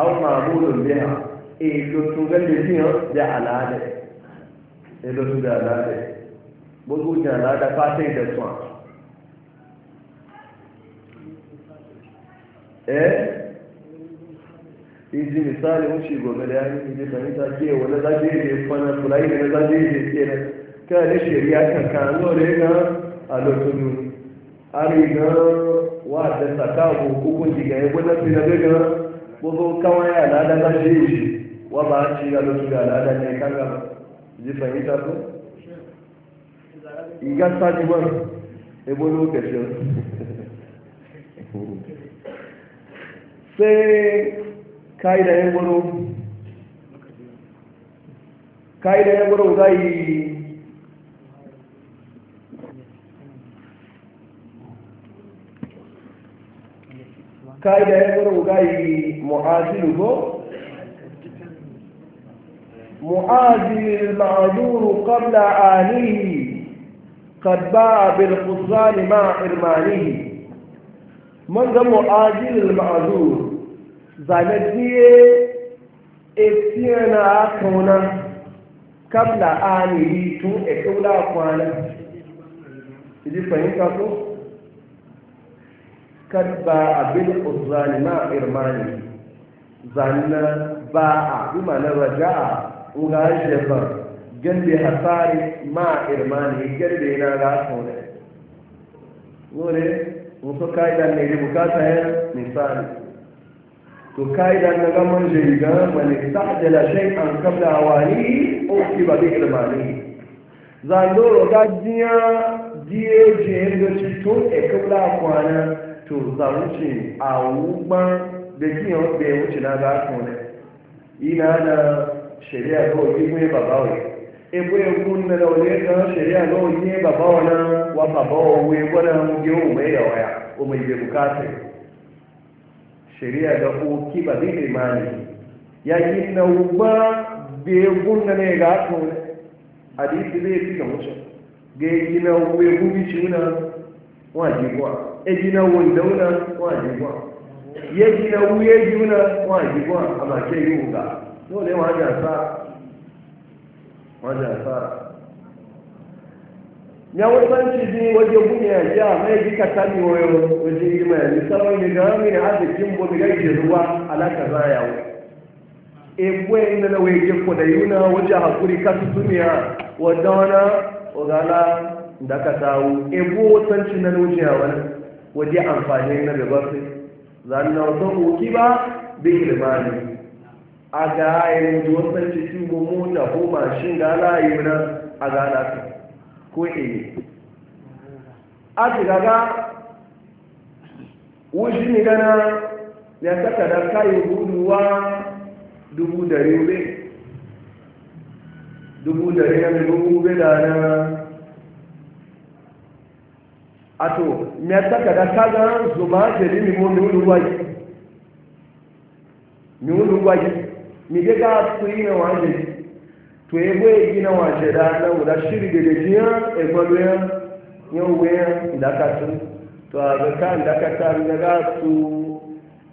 [SPEAKER 1] aw ma'amulun biha e lo tun gan da biyan al'ada da al'ada gbogbo da al'ada fatai da tun eh iji misali wuce gobe ya yanyi iji fahimta ke wani zaje ne fana fulani ne zaje ne ke na a ari na wadda saka ko kukun ya gwada fi na daga gbogbo kawai al'ada ta shi wa ba a ci a lokacin al'ada ne kan gaba ji fahimta iga sa ji <laughs> sai ka'ida ya gwaro ka'ida ya gwaro za yi ka'ida ya gwaro za yi mu'aziru ko معادل المعذور قبل آله قد باع بالخسران مع إرمانه من ذا معادل المعذور zanadiye na kauna kabla amiri tun e kaula kwana ji fahimta ko kadba abin uzani ma irmani zanna ba a imana raja'a uga shebar gambe hasari ma irmani garbe na ga kauna nore musu kaida ne bukata ya misali تكايد أن نغمن جيدا من استعجل a قبل أوانيه أوكب بإرمانيه zando rogajiya die jeje tutu e kula kwana to zaruchi awugba de kiyo be uchi na ga kone ina na sheria go ibe baba we e bo e kun na lo le na sheria go ibe baba na wa baba we bo na mu ge o me ya wa o me ge bukate shari'a da oki ba zai limani ya yi na ba begun na ne ga haka wani hadisi zai fi ga musu ga yi na begun bici wuna waje kuwa ya ji na wanda wuna waje kuwa ya ji na wuye ji wuna waje kuwa a bakin yi wuga dole wajen sa wajen sa yawanci bi waje bunya ya mai ka tani wayo waje yi mai misalin ne ga ne arzikin bu da yake ruwa alaka za ya yawo. e kwe inda na waje ko da yuna waje hakuri ka su tumiya wadana ogala da ka tawo e bu wasanci na waje ya wani waje amfani na gaba sai zan na wato uki ba bi ilmani a ga yin wasanci su mu mota ko mashin ga ala yi na a ga ala ko iri a ti gaga wuji ni gana ya saka da kayi guduwa dubu dari ube dubu dari na mai gugu ube da na ato ya saka da kaga zuma jeli mi mo mi wulu waji mi wulu waji mi dega su yi na wajen to ebe gina wace da na guda shiri da gajiyar egwalwiyar yau wayan dakatu to a ga kan e na ga su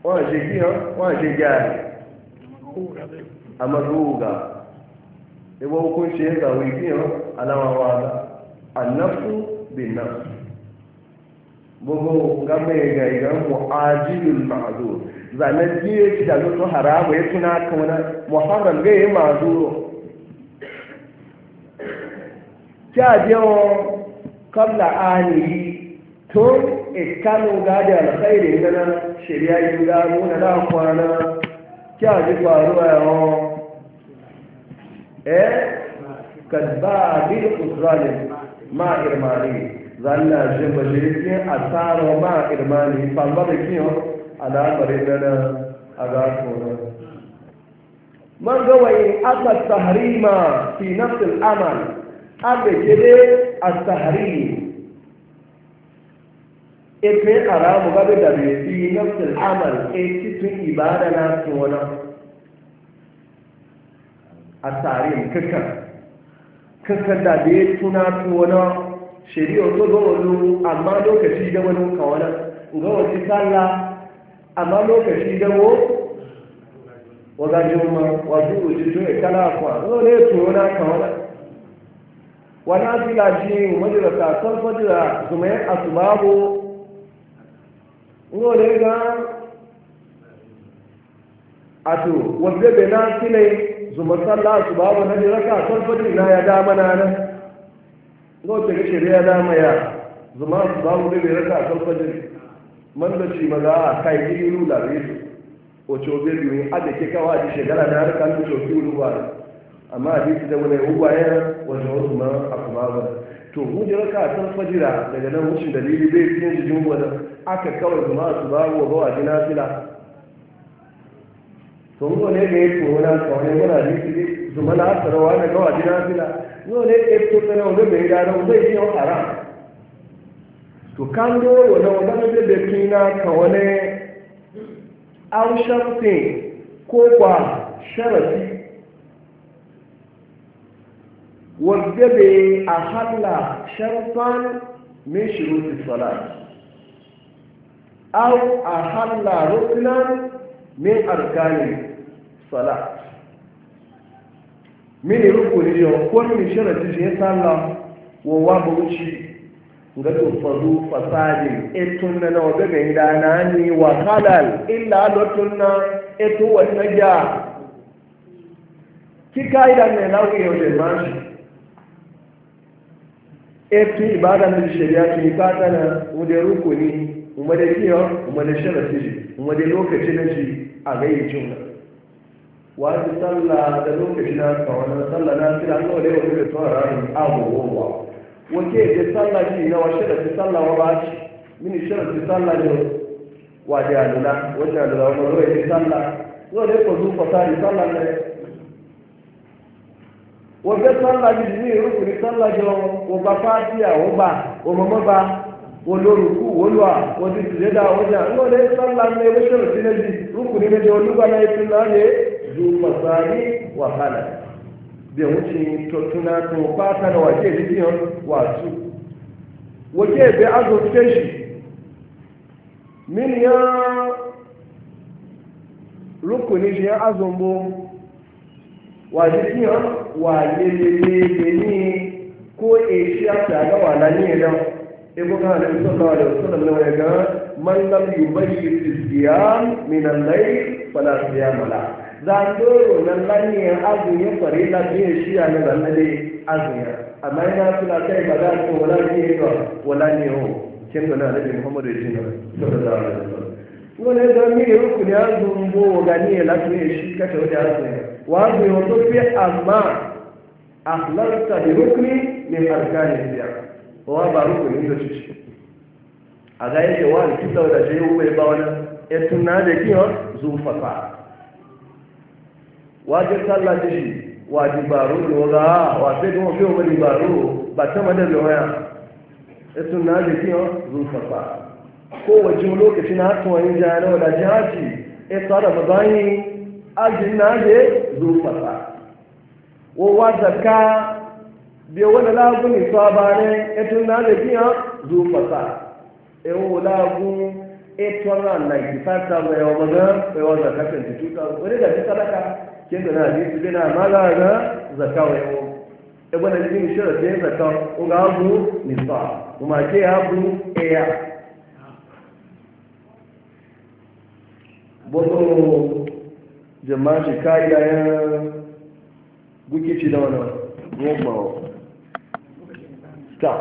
[SPEAKER 1] wace giyar wace gyari a maruga ebe hukunci ya zawo giyar alawawa annafu bin nafsu bugu game ga idan mu'ajilul e ma'zur zanen jiye shi da lutu haramu ya tuna kauna muharram tí a jẹ́ wọn kọ́lá ààrẹ yìí tó ìkánú gádà alkhairi nana shirya yi gano na na kwana tí a ji faruwa yawon eh kadba bil usrani ma irmani zanna ji a tsaro ma irmani famba da kiyon al'amarin nana a gafona man gawayi aka ma fi nafsin amal abe abekele asahari efe aramu gabe da besi nafsul amal e cikin ibada na ti wona asahari kaka kaka da bai tuna ti wona shiri o to ga wani amma lokaci da wani kawana ga wani sallah amma lokaci da wo wa ga wagajin ma wasu ujiju ya kala kwa zo ne tuwo na wona wani asila shi majira kasar fajira su mai asubabu ngole ga ato wanda bai na silai zuma sallah asubabu na jira kasar fajira na ya dama na nan ngole ga shirya dama ya zuma asubabu bai bai raka kasar fajira man da shi maza a kai gini lula resu o cobe biyu a da ke kawo a ji shekara na harkar da cobe lula amma hadisi da wani hugwayen wajen wasu ma a kuma ba to jira ka san fajira daga nan wucin dalili bai fi yin jijin wani aka kawai zuma su ba wa ba wa jina fila to mu ne ga yake wani kawai wani hadisi ne zuma na asarawa na gawa jina fila yau ne ya fito tsana wani mai dada wani zai yi haram to kan doro na wani da da kina ka wani an shamsin ko kwa sharafi wadda bai a halla sharfan min shiruti salat aw a halla rukunan min arkanin salat min rukuni yau ko min sharati shi ya salla wa wa bauchi ga tufazu fasadin etun na na wadda bai dana ni wa halal illa lotun na etu wata ja kika idan ne lawo yau da mashi eti ibada na shari'a ke fata na wadda ruko ne kuma da kiyar kuma da sharafi shi kuma da lokaci na shi a gayi juna wani sallah da lokaci na kawana sallah na sila an da wa kuma tuwa rani abubuwa wake da sallah ki na wa sharafi sallah wa ba shi mini sharafi sallah ne wa da alula wata alula wani roe sallah zo ne ko zuwa fasari sallah ne wòjẹ́ sọ́nà yìí ní ìrúkùnrin sọ́nà jọ wògbà fáàtì àwògbà òmòmọ́ba olórùkù wòlúà òtí tìlẹ́dà ọjà ńlọrọ sọ́nà ní ewéṣẹ́ òsínlẹ̀ yìí rúkùnrin méje olúgbàlá ètò náà lè ju pàṣẹ wàhálà bí òun ti tuntun náà tó pátá náà wà èdè wọn wà tù. ọ wà lélelele ní kó èsì àti àgbàwà láyé ẹ̀dá ibùkún àti ìsọ̀lá rẹ̀ sọ̀lá lọ́wọ́ ẹ̀gá mọ́nlá yìí báyìí ti síyá mìíràn lẹ́yìn padà síyá mọ́lá na láyé azùnyẹ́ pàrí láti èṣí àmì lálẹ́ azùnyẹ́ àmà iná tí wọ́n tẹ́ ìgbàdá fún wọn láti ba ìgbà wọn láyé o kí n tọ́lá àlejò muhammadu
[SPEAKER 2] èṣí náà sọ̀rọ̀ láwọn ẹ̀dá wọn lè dán mí
[SPEAKER 1] ìrúkù ní azùn bó wọ́n ní ẹ̀ láti kẹ́kẹ́ ó wani rotofi amma a halarta da rukuni ne harkar yin biya kowa ba rukuni da ciki a zai ce wani kisa da jai uwe ba wani etun na da kiyon zufa ba wajen tsalla ce shi wajen ba rukuni wadda wafe kuma fiye wani ba rukuni ba ta madar da waya na da kiyon zufa ba kowace lokacin na hatuwa yin jihani wadda ajin na je zurfasa wawa zaka bai wani ba ne etun na da biya zurfasa ewu lagun 895,000 mai yawa maza mai yawa zaka 22,000 wani gaji sadaka kin da na hadisi bina maza ga na da e ya zaka ga abu nisa kuma ke abu eya Bodo jama shi ka'ida ya gukici da wani yamma ta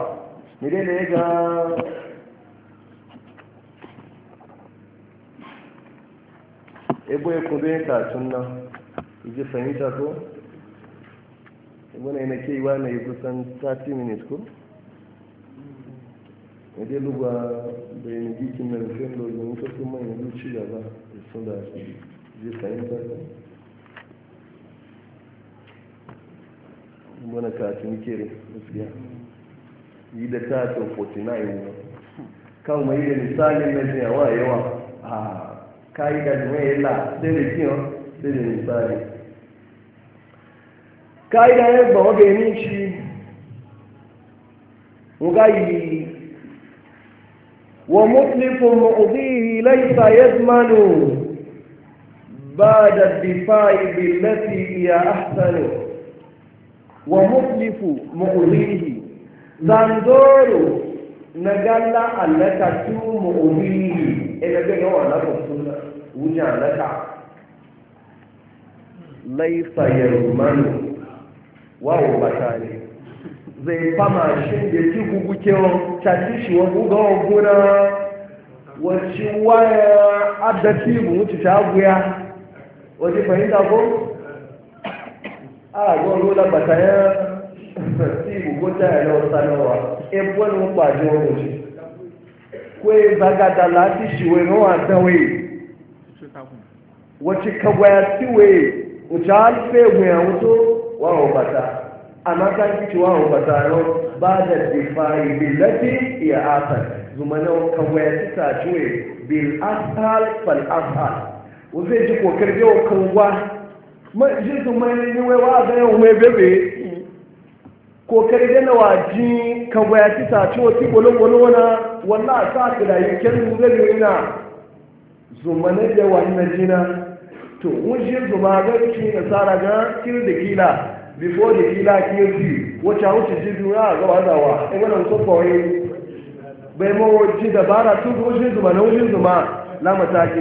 [SPEAKER 1] mire ne ga ebo ya kube kacin nan iji fahimta ko ebo na yana ke yi wa na yi kusan 30 minutes ko ede lugba da yana gikin mai rufin lojin wasu kuma yana luci da ba da sun da su ji fahimta mana kacin kere gaskiya yi da kacin kan na jiyawa yawa a kayi da ya yalla ah, sai da kiyon sai
[SPEAKER 2] da misali
[SPEAKER 1] kayi da yabba shi mugayi wa mutlifin ma'udihi laisa yadmanu بعد الدفاع بالتي هي أحسن ومخلف مؤذيه zandoro na galla allaka tu mu'mini e da ga yawa na sunna wuja allaka laifa yarmanu
[SPEAKER 2] wa batani
[SPEAKER 1] zai fama shin da ki gugu kewa tashi shi wa guga wajen fahimta ko a gwon rola bata ya sibu ko ta yana wata nawa ebuwan ba ji wani waje kwe zagada lati shiwe no wa dawe wace kagwaya siwe wace alfe wuya wuto wa hubata amma kan wa hubata no ba da difa'i billati ya asal zumana kagwaya ta ciwe bil asal fal asal ji kokar uzeji kuokerejea ukungwa jitu mwenyewe waza umebebe kuokerejea na waji kangwa ya tisa ci ti bolobolo na a sa kila yuken uzeji ina zumane da wannan jina to wujin zuma ga ki nasara ga kir da kila before da kila kirki wacce wuce jizu a ga zawa. in wannan so kawai bai mawo ji dabara tun tu wujin zuma na wujin zuma na mataki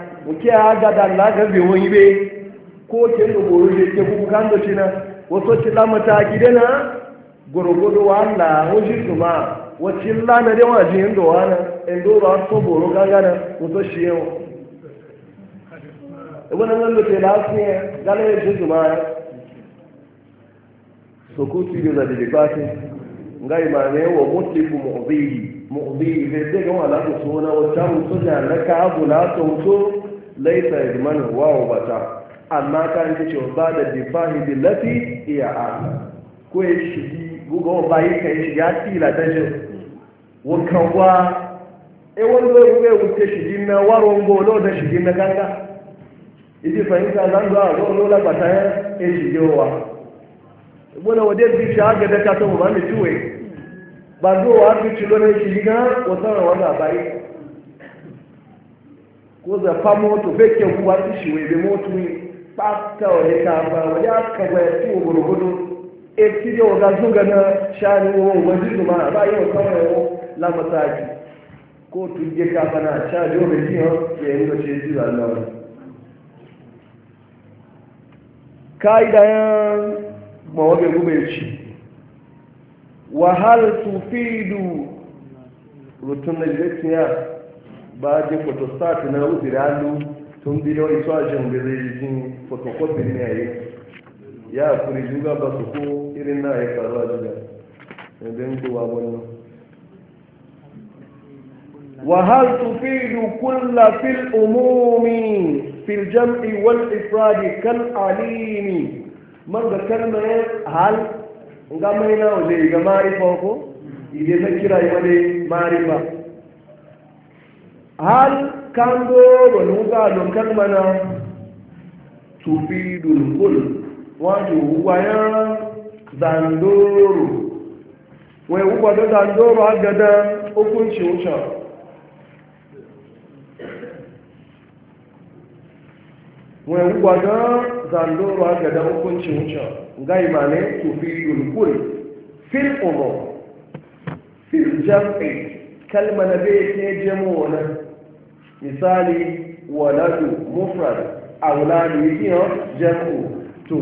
[SPEAKER 1] muke haga da lagar bai wani be ko ke da boro ke kuka kan da shi na wato ci la mata gide na gorogodo wa la na da indo wa na ba so boro gaga na wato shi yau wannan nan da lafiya gale shi kuma sokuti da da dibati ngai ma ne da daga ga ko sona wata na ka laisa yajmanu wawo bata amma kan kace ba da difahi billati iya ala ko ya shigi gugo ba yi kai shiga tila ta shi wakan wa e wanda ya ruwa wuce shigi na waron golo da shigi na ganga idi fahimta nan zuwa zo lola bata ya e wade bi ka ba tuwe ba ko fa moto fekke kuwa shi wai be moto ni
[SPEAKER 2] pasta wale
[SPEAKER 1] ka ba wale aka ba ti gurgudu e ti de wa zuga na shani wo wajidu ma ba yi wa kawai la mataki ko tun ka bana cha jo be ti ho ye ngo che ji la la kai da yan mo be gube ci wa hal tufidu rutun da ya bajin photostat na ubiralu tun biyo iso ajin birijin photocopy ne ya ya kuri juga ba su ko irin na ya faru a juga ɗin kuwa wani wahal tufi kulla fil umumi fil jam'i wal ifradi kal alimi man ga kalmar hal ga mai na wuce ga marifa ko idan na kira yi wani marifa hal kando wanuga lokan mana tufidul kul wajen wayan zandoro wai uba da zandoro har gada hukunci wuce wai uba da zandoro har gada hukunci wuce gai ma ne tufidul fil umo fil jam'i kalmar da ya ke jamo wani misali waladu mufrad awladu yiyo jamu to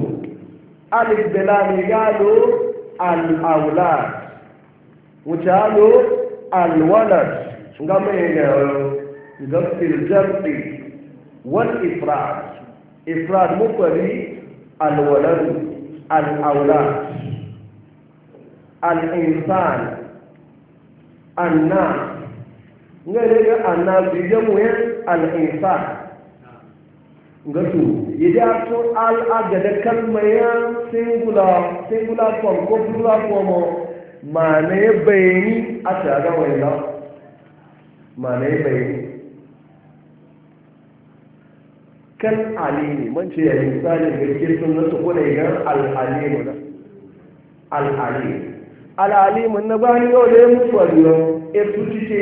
[SPEAKER 1] alif belani galo al awlad mutalo al walad ngama yelo ngafil jam'i wal ifrad ifrad mukwari al walad al awlad al insan الناس nga ne ga annabi ya mu yan al insa nga to yida to al kan kalma ya singula singula form ko plural form ma ne ni? a tsaga wala ma ne bayani kan alimi man ce ya ga gaske sun nasu kuna idan al-alimu na al-alimu al-alimu na ni yau da ya mutu a duniya ya tuci ce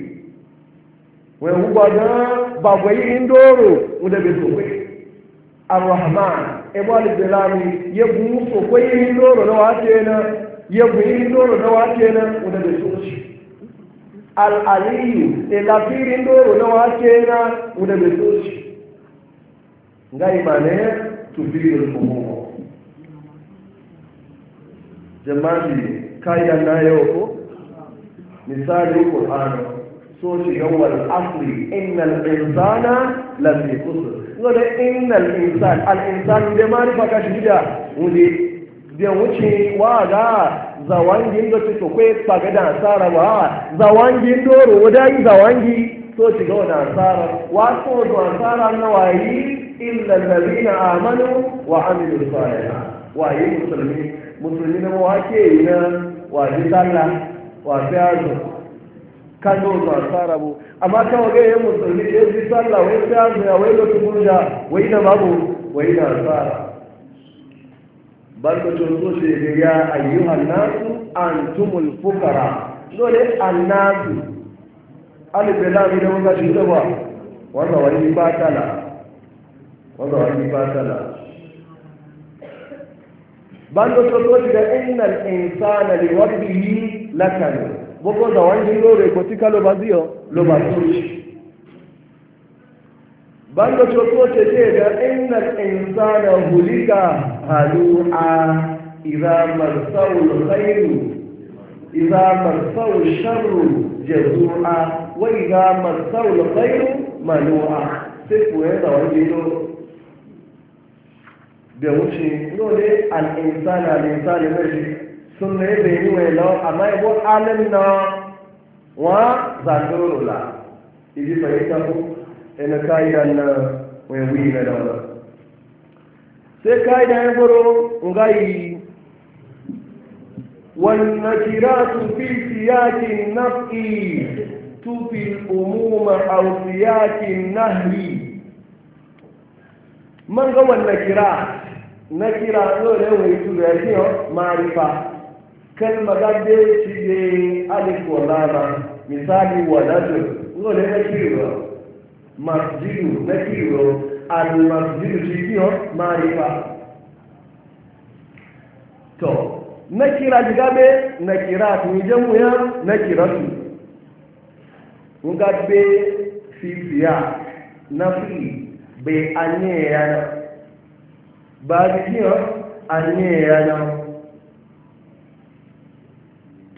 [SPEAKER 1] wai huba na ba gwayi indoro wanda bai so gwayi arrahman ebo alibilami ya gu indoro na wace na ya gwayi indoro na wace na wanda bai so shi al'aliyu ilafiri indoro na wace na wanda bai so shi nga imane tufiri ilfuhumo na yau ko misali ƙur'anu soci yawar asiri innal insana lafi kusur wadda innal insan al'insan da marifa ka shi da wuli da wuce wa ga zawangin da su kwai tsaga da asara ba zawangi doro wadda yi zawangi soci ga wani asara so
[SPEAKER 2] da asara
[SPEAKER 1] na wayi illa lalina amanu wa amilu salihah yi musulmi musulmi na wake na waje sallah wasu yazo kan yau zuwa tsara bu amma kan waje ya musulmi ya ji sallah wai sai an zuya wai lokacin murja wai na babu wai na tsara barka tun so shi ga ya ayyuhan nasu antumul fukara dole annasu alibela mi da wuka shi da ba wanda wani ba tala wanda wani ba bando to to da innal insana liwabbihi lakanu gbogbo dàwọn ń lóore kò tí ká ló bá díọ̀ ló bá tó ṣe báńkò tó tó ṣe ṣe ìdá iná ìsáná hùlíkà àlú a ìrà lọ́sáyìnù ìrà ṣàrù a wọ́n ìrà màrúsáwò lọ́sáyìnù màlú a ṣé kò dàwọn ń lóore bẹ̀rù ṣe mẹ́rin sunna ye bee niŋ wee lɔ ama ye bo alem na waa zandoro la ibi fa yi tabu ene kaa yira na wee wii na dɔn na se kaa yira ye boro nafi? yi والنكرات في سياق النفع تفي الأموم أو سياق النهي من هو النكرات نكرات لو لو يتبع فيه marifa? kalma gade shi ne alif wa lama misali wa lajin no ne na kiro masjidu na kiro al masjidu shi biyo marifa to na kira jigabe na kira tun jamu ya na kira su ngabe fifiya na fi be anye ya? ba biyo anye yana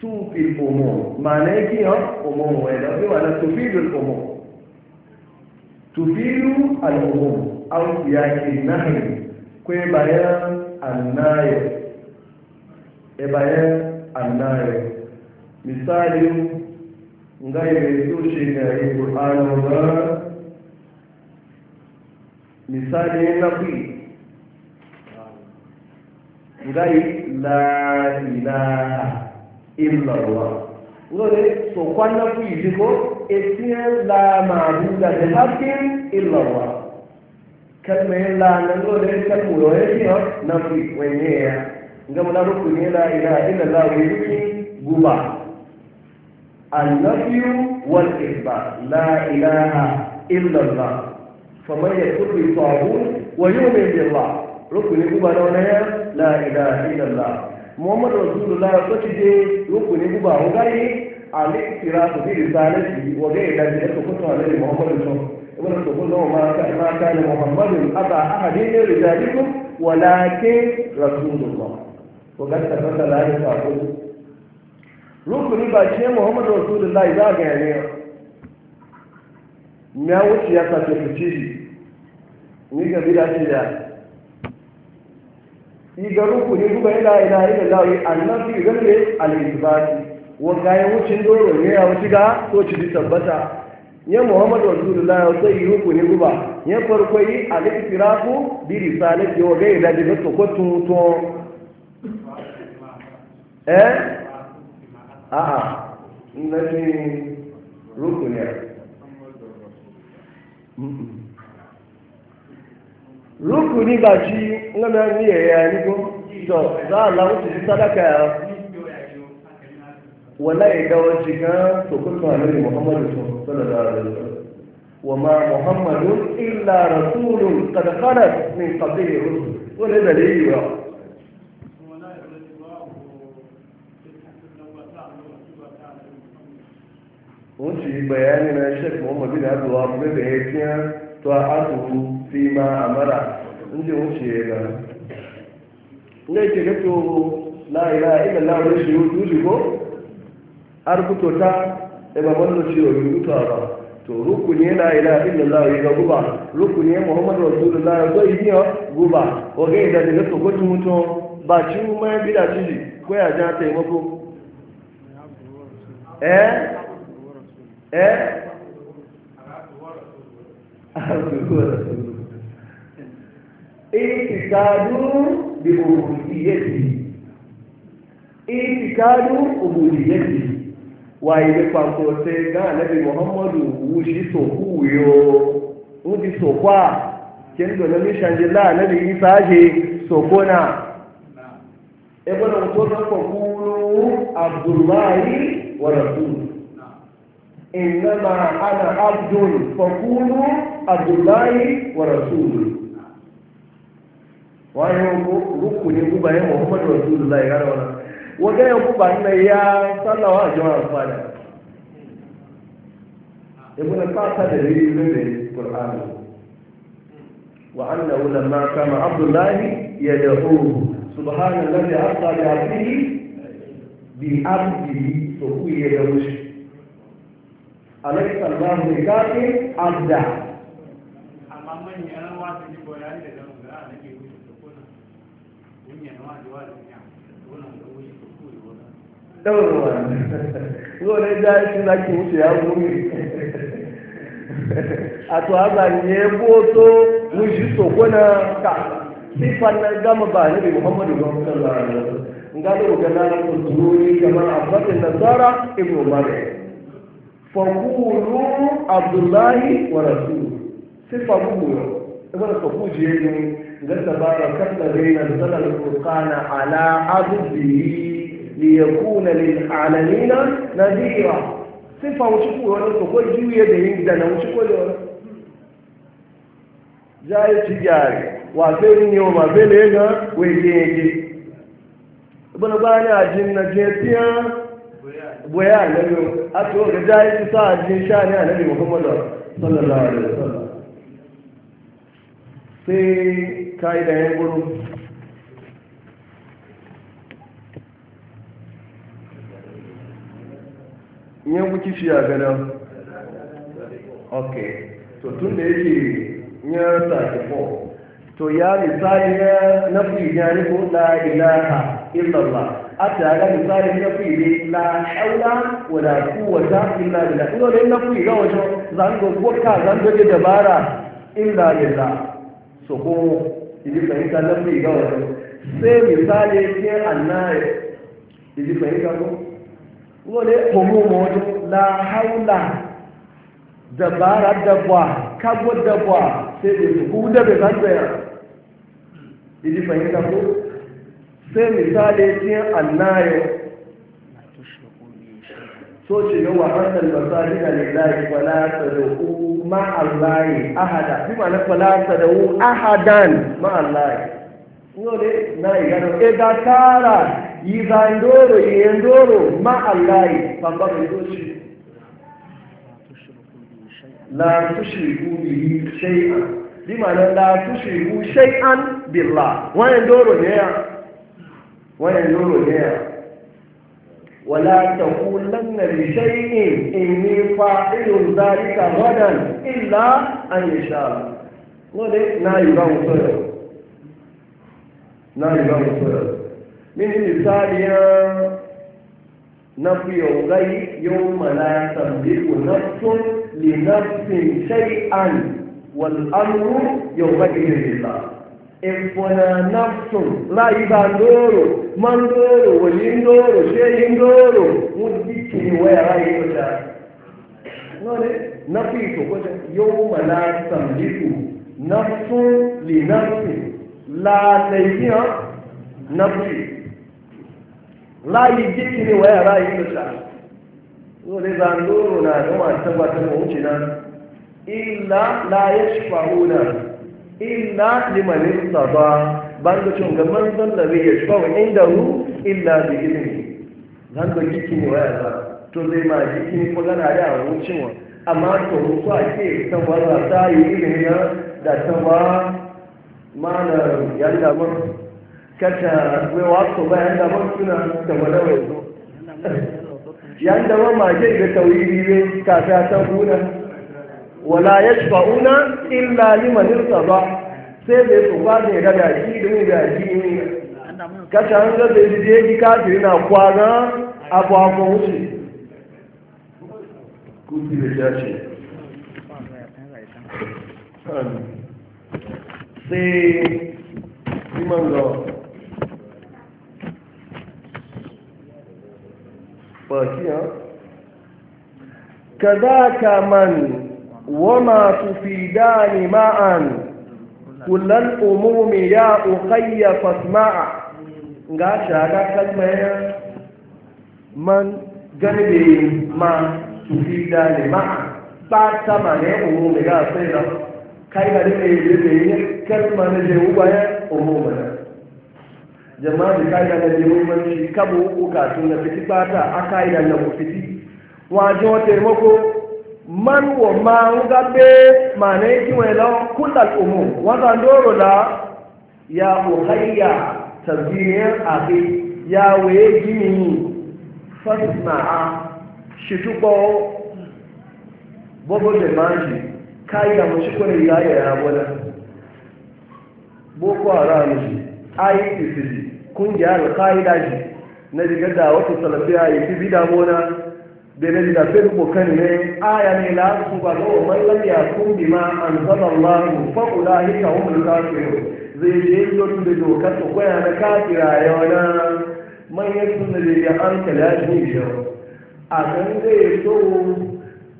[SPEAKER 1] tufi l'umum maana yake umum wenda hiyo ana tufidu l'umum tufidu al-umum au yake nahi kwa baya anayo e baya anayo misali ngaye tushi na Qur'an wa misali ngai la ilaha illallah lórí
[SPEAKER 2] sọ̀kwáná fún ìdíkó etí ńlá máa bú gàdé láti ìlọ̀wà kẹmẹ lórí kẹmù lórí fihàn náà fi wẹ̀nyẹ ya
[SPEAKER 1] ngam na rukun ne la ilaha illallah wa yuki guba annafyu wal isbat la ilaha illallah faman yakfur bi taghut wa yu'min billah rukun guba na la ilaha illallah muhammadu rasulullah ko ti de ruku ne guba o gari ali tira ko bi risalati wa ga da ne ko to ala ne muhammadu to ibn ma ka ne muhammadu aba ahadin min rijalikum walakin rasulullah ko ga ta ta la ya ko ba ce muhammadu rasulullah za ya wuce ya ga igaru ku ne duba ila ila ila lawi annan fi igaru ne al-isbati wa kayan wucin doro ne ya wuci ga to ci bi tabbata ya muhammadu rasulullah ya sai yi ku ne duba ya farko yi al-istiraku bi risalati wa ga ila da to ko tuto eh a a na ne rukuniya rukuni ba ci ngana ni ya ni ko to za Allah wuce sadaka ya wallahi da wace ga to kun ta nabi Muhammad sallallahu alaihi wasallam wa ma Muhammadun illa rasulun qad khalat min qablihi rusul wala dalili ya Wọ́n ti bayani na Sheikh Muhammad bin Abdul Wahab bẹ́bẹ̀ to a atubu fi ma amara inda wuce ya gana ne ke gato la ila ila la wani shi yau duji har kuto ta to rukunye la ila ila la wani guba rukuni muhammadu rasulullah ya zai yi guba oge da daga to mutum ba ci bida ya ja taimako eh àbúrò rẹ̀ ìtìkádú bí òmùdíyẹ́tì ìtìkádú òmùdíyẹ́tì wà ilé papọ̀ tẹ gán àlẹ́bí muhammadu wù sí sọ̀kú yóò ó ti sọ̀kú à kí n dọ̀nà ní ṣàǹjẹ́lá àlẹ́bí yìí sáájé sọ̀kú náà ẹgbẹ́ náà tó sọ̀kọ̀ kúrú abdullahi wàràdùn ìnáma ana abdul fọ̀kúrú عبد الله ورسوله وأنه ركن يقوم محمد رسول الله قال ولا وجاء يقوم بأن يا صلى الله عليه وسلم ابن قاسة دليل من القرآن وأنه لما كان عبد الله يدعوه سبحان الذي أرضى بعبده بعبده فهو يدعوه أليس الله بكافر عبده
[SPEAKER 2] manyan wasanni ko yari da zama gara na ke wuce tukuna manyan wasanni wasanni a tunan da wuce tukuri wadda
[SPEAKER 1] ɗaurowa zuwa ne da shi na ke wuce ya wuri a to haka ne boto wuce tukuna ka sifan na gama ba ne bai muhammadu ba sallallahu alaihi wasallam ngalo gana na ibnu sifa bugu ibn kafuji yayi ga tabaraka alladhina nazzala al-furqana ala abdihi liyakuna lil'alamin nadira sifa wuchuku wala ko juye da yin da na wuchuku wala jaye tijari wa sai ni o ma bele ga wegege ibn bani ajin na jetiya boya a ato ga jaye tsa ajin sha ne annabi muhammadu sallallahu alaihi wasallam sai ka'ida ya guru yan kuki shi a ok to tun da yake ya sake to ya misali na nafi ya riko la ilaha illallah ata ga misali na fi ne la haula wala quwwata illa billah ilo ne nafi ga wajen zango ko ka zango da dabara illa billah so ko idi fahimta na fi ga wani sai misali ke annaye idi fahimta ko
[SPEAKER 2] wani homo wajen la
[SPEAKER 1] haula dabara dabwa kago dabwa sai da su fahimta ko sai misali ke so ce yau wa fasar basari da lillahi fala tadau ma allahi ahada fi ma na kwala ta fala tadau ahadan ma ino ne na igano e eh, da tara yi zandoro yi endoro ma allahi pamba ko soce la tushriku yi shay'an bi ma na la tushriku shay'an billah wani endoro ne ya wani endoro ne ya ولا تقولن لشيء إني فاعل ذلك غدا إلا أن يشاء الله نولي نا يبان صدر نا يبان صدر من مثاليا نفي الغي يوم لا تملك نفس لنفس شيئا والأمر يومئذ لله ifona nafsun raiba ndoro mandoro wali ndoro sheyi ndoro mudiki waya rai kota nole nafi to kota yawma la tamliku nafsun li nafsin la tayyiha nafsi rai diki ne waya rai kota nole za ndoro na gama tabbatar mu illa la yashfa'una illa liman saba ban da cin gaban zallabe ya shi inda hu illa bi ilimi zan da jiki ne waya ba to zai ma jiki ne kuma na da wucewa amma to mutu a ke san wanda ta yi ilimi na da ta ba mana yanda damar kata wai wasu ba yanda damar suna da wala wai zo yan damar ma ke ga tauri ne ka ta san kuna wala yashfa'una illa liman irtada sai da ba da da shi da mu da shi ne Kashe san da da je ji ka ji kwana abu abu wuce ku da ya ce sai liman ba shi ha وما تفيدان معا كل الأموم يا أخي فاسمع غاشا كلمة من جنبي ما تفيدان معا بعد ثمانية أموم يا سيدة كلمة لبيني كلمة لجوبة أمومنا jama'a da kaida na neman shi kabo uka tun da fiti bata a na fiti wajen wata taimako man wa ma nga be ma ne ji wa la kullal umu wa ga ndoro la ya uhayya tazkiriyar akhi ya we gini fasna'a shituko bobo de manji kai ya mu shiko ne ya ya wala boko haram shi ai kungiya al-qaida ji na diga da wata salafiya yi bidamona daidai da fi bukan ne aya ne la su ba ga wannan lafiya kun bi ma an zama Allah fa ulahi ka hum kafiru zai je don da dokar ko koya na kafira yana manyan sunna da ya an kala shi a kan zai so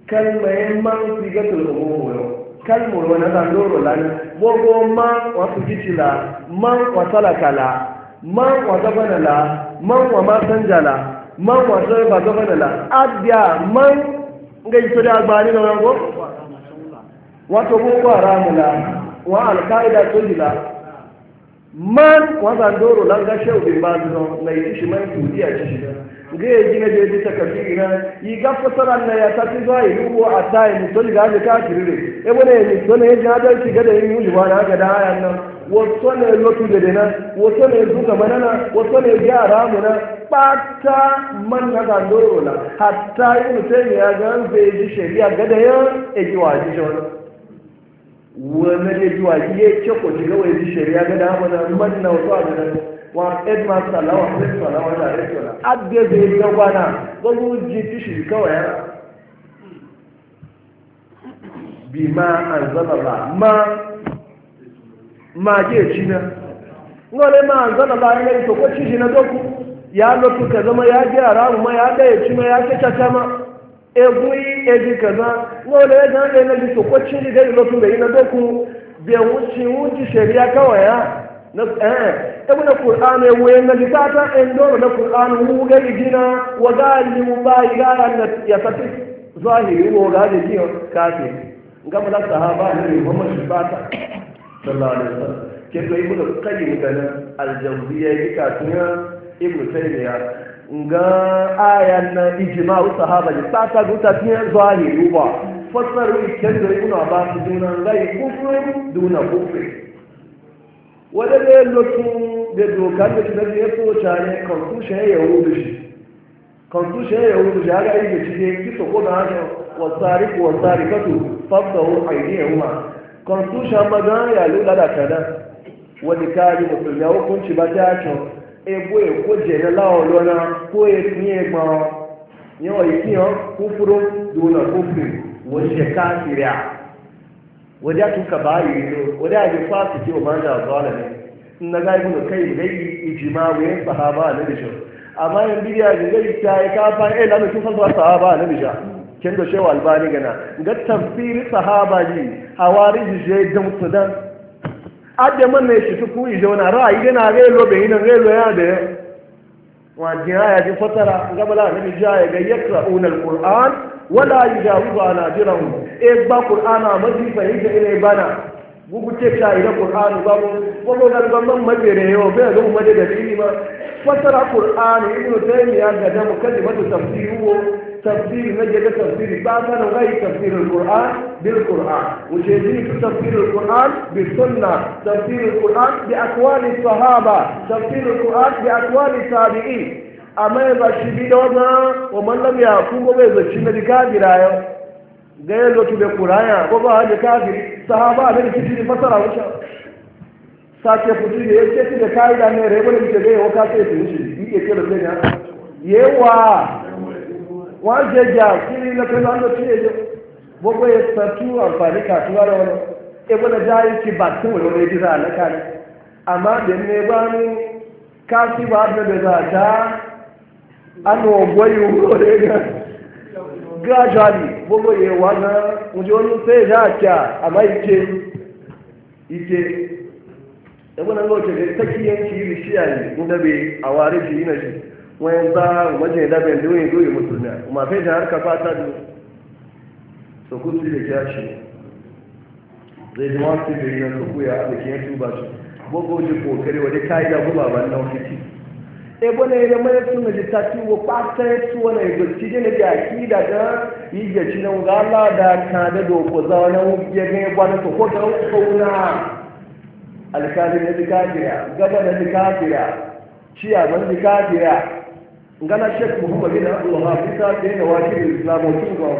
[SPEAKER 1] kalmayen man fi ga tulumuro kalmur wani da doro lan bogo man wa su kitila man wa salakala man wa la man wa masanjala man wasu ba gaba da la abia man ga yi da agbani na wango wato ra mu la wa alkaida sun la man wazan doro lan ga shehu bin ba zuwa na yi shi man kuriya ci shi ga yi gina da yadda takafi na yi ga fasaran na ya tafi zuwa yi rubo a ta ni tayi mutum ga ga kafiri ne ebe ne mutum ni ya ji hadar shiga da yin yi wa na ga da hayan na. wasu ne da dena wasu ne zuka manana wasu ne yara muna ɓata man na ga dorola hatta yi mutum ya ga zai ji shari'a gada ya egi wa ji shawar wani ne ji wa ji ce ko ji ga wai ji shari'a gada mana man na wasu a gada wa edma salawa sai salawa da rekola abde zai ga bana ji tishi kawai bima ba ma mage shi na ngole ma zana ba ne to ko shi na doku ya lotu ka zama ya ji aramu ma ya da ya ma ya ke tata ma egui eji kaza ngole ya zana ne bi to ko shi ne da lotu da ina doku bi wuci wuci shari'a kawai ya na eh ibn qur'an ya waye na litata en doro na qur'an mu ga gina wa mu ba ila na ya tafi zahiri wo ga ji ka ke da sahaba ne Muhammad sallallahu alaihi sallallahu alaihi wasallam ke to ibn qayyim dan al-jawziyya yake kafin ibn taymiya nga ayan na ijma'u sahaba ne ta ta guta tiyan zahiri ba fasaru ikin da ibn abbas duna ngai kufrin duna kufrin wanda ne lokacin da dokar da kidan ya so tare constitution ya yahudu shi constitution ya yahudu shi haka yake cike kisa ko da haka wasari ko wasari kasu fasahu aidiyahuma constitution magana ya lula da kada wani kayi mutum ya hukunci ba ta kyau ebo eko jere lawo lona ko ya tiye ma yawa ikiyan kufuru kufuru wani shekara siriya wajen tuka bayi ne wajen ajin fasi ke wa da zuwa ne na ga ibn kai gai ijima wayan na ne ken da shewa albani gana ga tafsiri sahaba ji hawari je da musudan adda man ne shi tuku ije wani ra'ayi gana ga yelo bai nan ga yelo ya da wa jin aya ji fatara ga bala ne ji aya ga yaqra'una alquran wala yujawizu ala jirahum e ba qur'ana maji fa yake ile bana gugute ta ila qur'ani ba mu ko ga gamban mabere yo bai ga mu da dalili ma fatara qur'ani ibnu taymiya ga da mukaddimatu tafsiru تفسير نجد تفسير بعضنا غير تفسير القرآن بالقرآن وشيدين في تفسير القرآن بالسنة تفسير القرآن بأقوال الصحابة تفسير القرآن بأقوال التابعين أما إذا شبيد وما ومن لم يقوم بإذا شمد كافر آيو غير لو تبقى قرآن وما هذا كافر صحابة من كتير فترة وشا sake fito da ya ce su da ka'ida ne rai wani ke zai hauka sai su wuce yi ke kira zai yawa wọ́n jẹ jẹ àkíní lọ́pẹ́ lọ́dọ̀ tí èdè gbogbo ẹ̀sán tú àǹfààní kàtúwá lọ ebo na dá yìí ti bà tí wọ́n lọ́wọ́ èdè rà lẹ́kàlẹ́ àmọ́ àbẹ̀mí ẹgbẹ́ wọn káàsì wà bẹ̀rẹ̀ rà dá àná ọ̀gbọ́n yìí wúlò rẹ̀ gan gradually gbogbo yẹn wà náà ǹjẹ́ wọn ló fẹ́ ìdá àkíà àmọ́ ìje ìje ẹgbẹ́ náà lọ́ọ́ jẹ̀dẹ̀ tẹ́kíyẹ́ kì í rí sí àyè ń dẹ́bi àwọn àrẹ́jì yìí náà wọ́n bá wọ́jẹ̀ ìdábẹ̀ lórí ìlú ìmùsùlùmí ọmọ àfẹ́jà àrùkà pátá ni sọkú sí lè jẹ́ àṣẹ lẹ́yìn wọ́n sì lè yan sọkú ya àbẹ̀kí yẹn tún bá ṣe gbogbo ojú kò kéré wọ́n dé da gbogbo àbá náà wọ́n fìtì. ebo na yẹn mẹ́rin tún lè ta tí wọ́n pátá yẹn tún wọn náà èdò tí da bí àkí dàgbà yìí jẹ́ tí náà wọ́n aláàdá kan dẹ́dọ̀ òkò záwọn ko wọ́n yẹ kẹ́yẹ́ gbá ní sọkó náà wọ́n náà alikali na ti káàkiri gaba da ti káàkiri tí àgbọn ngana shek muhammad bin abdullah bisa da yana wakil islam wakil ba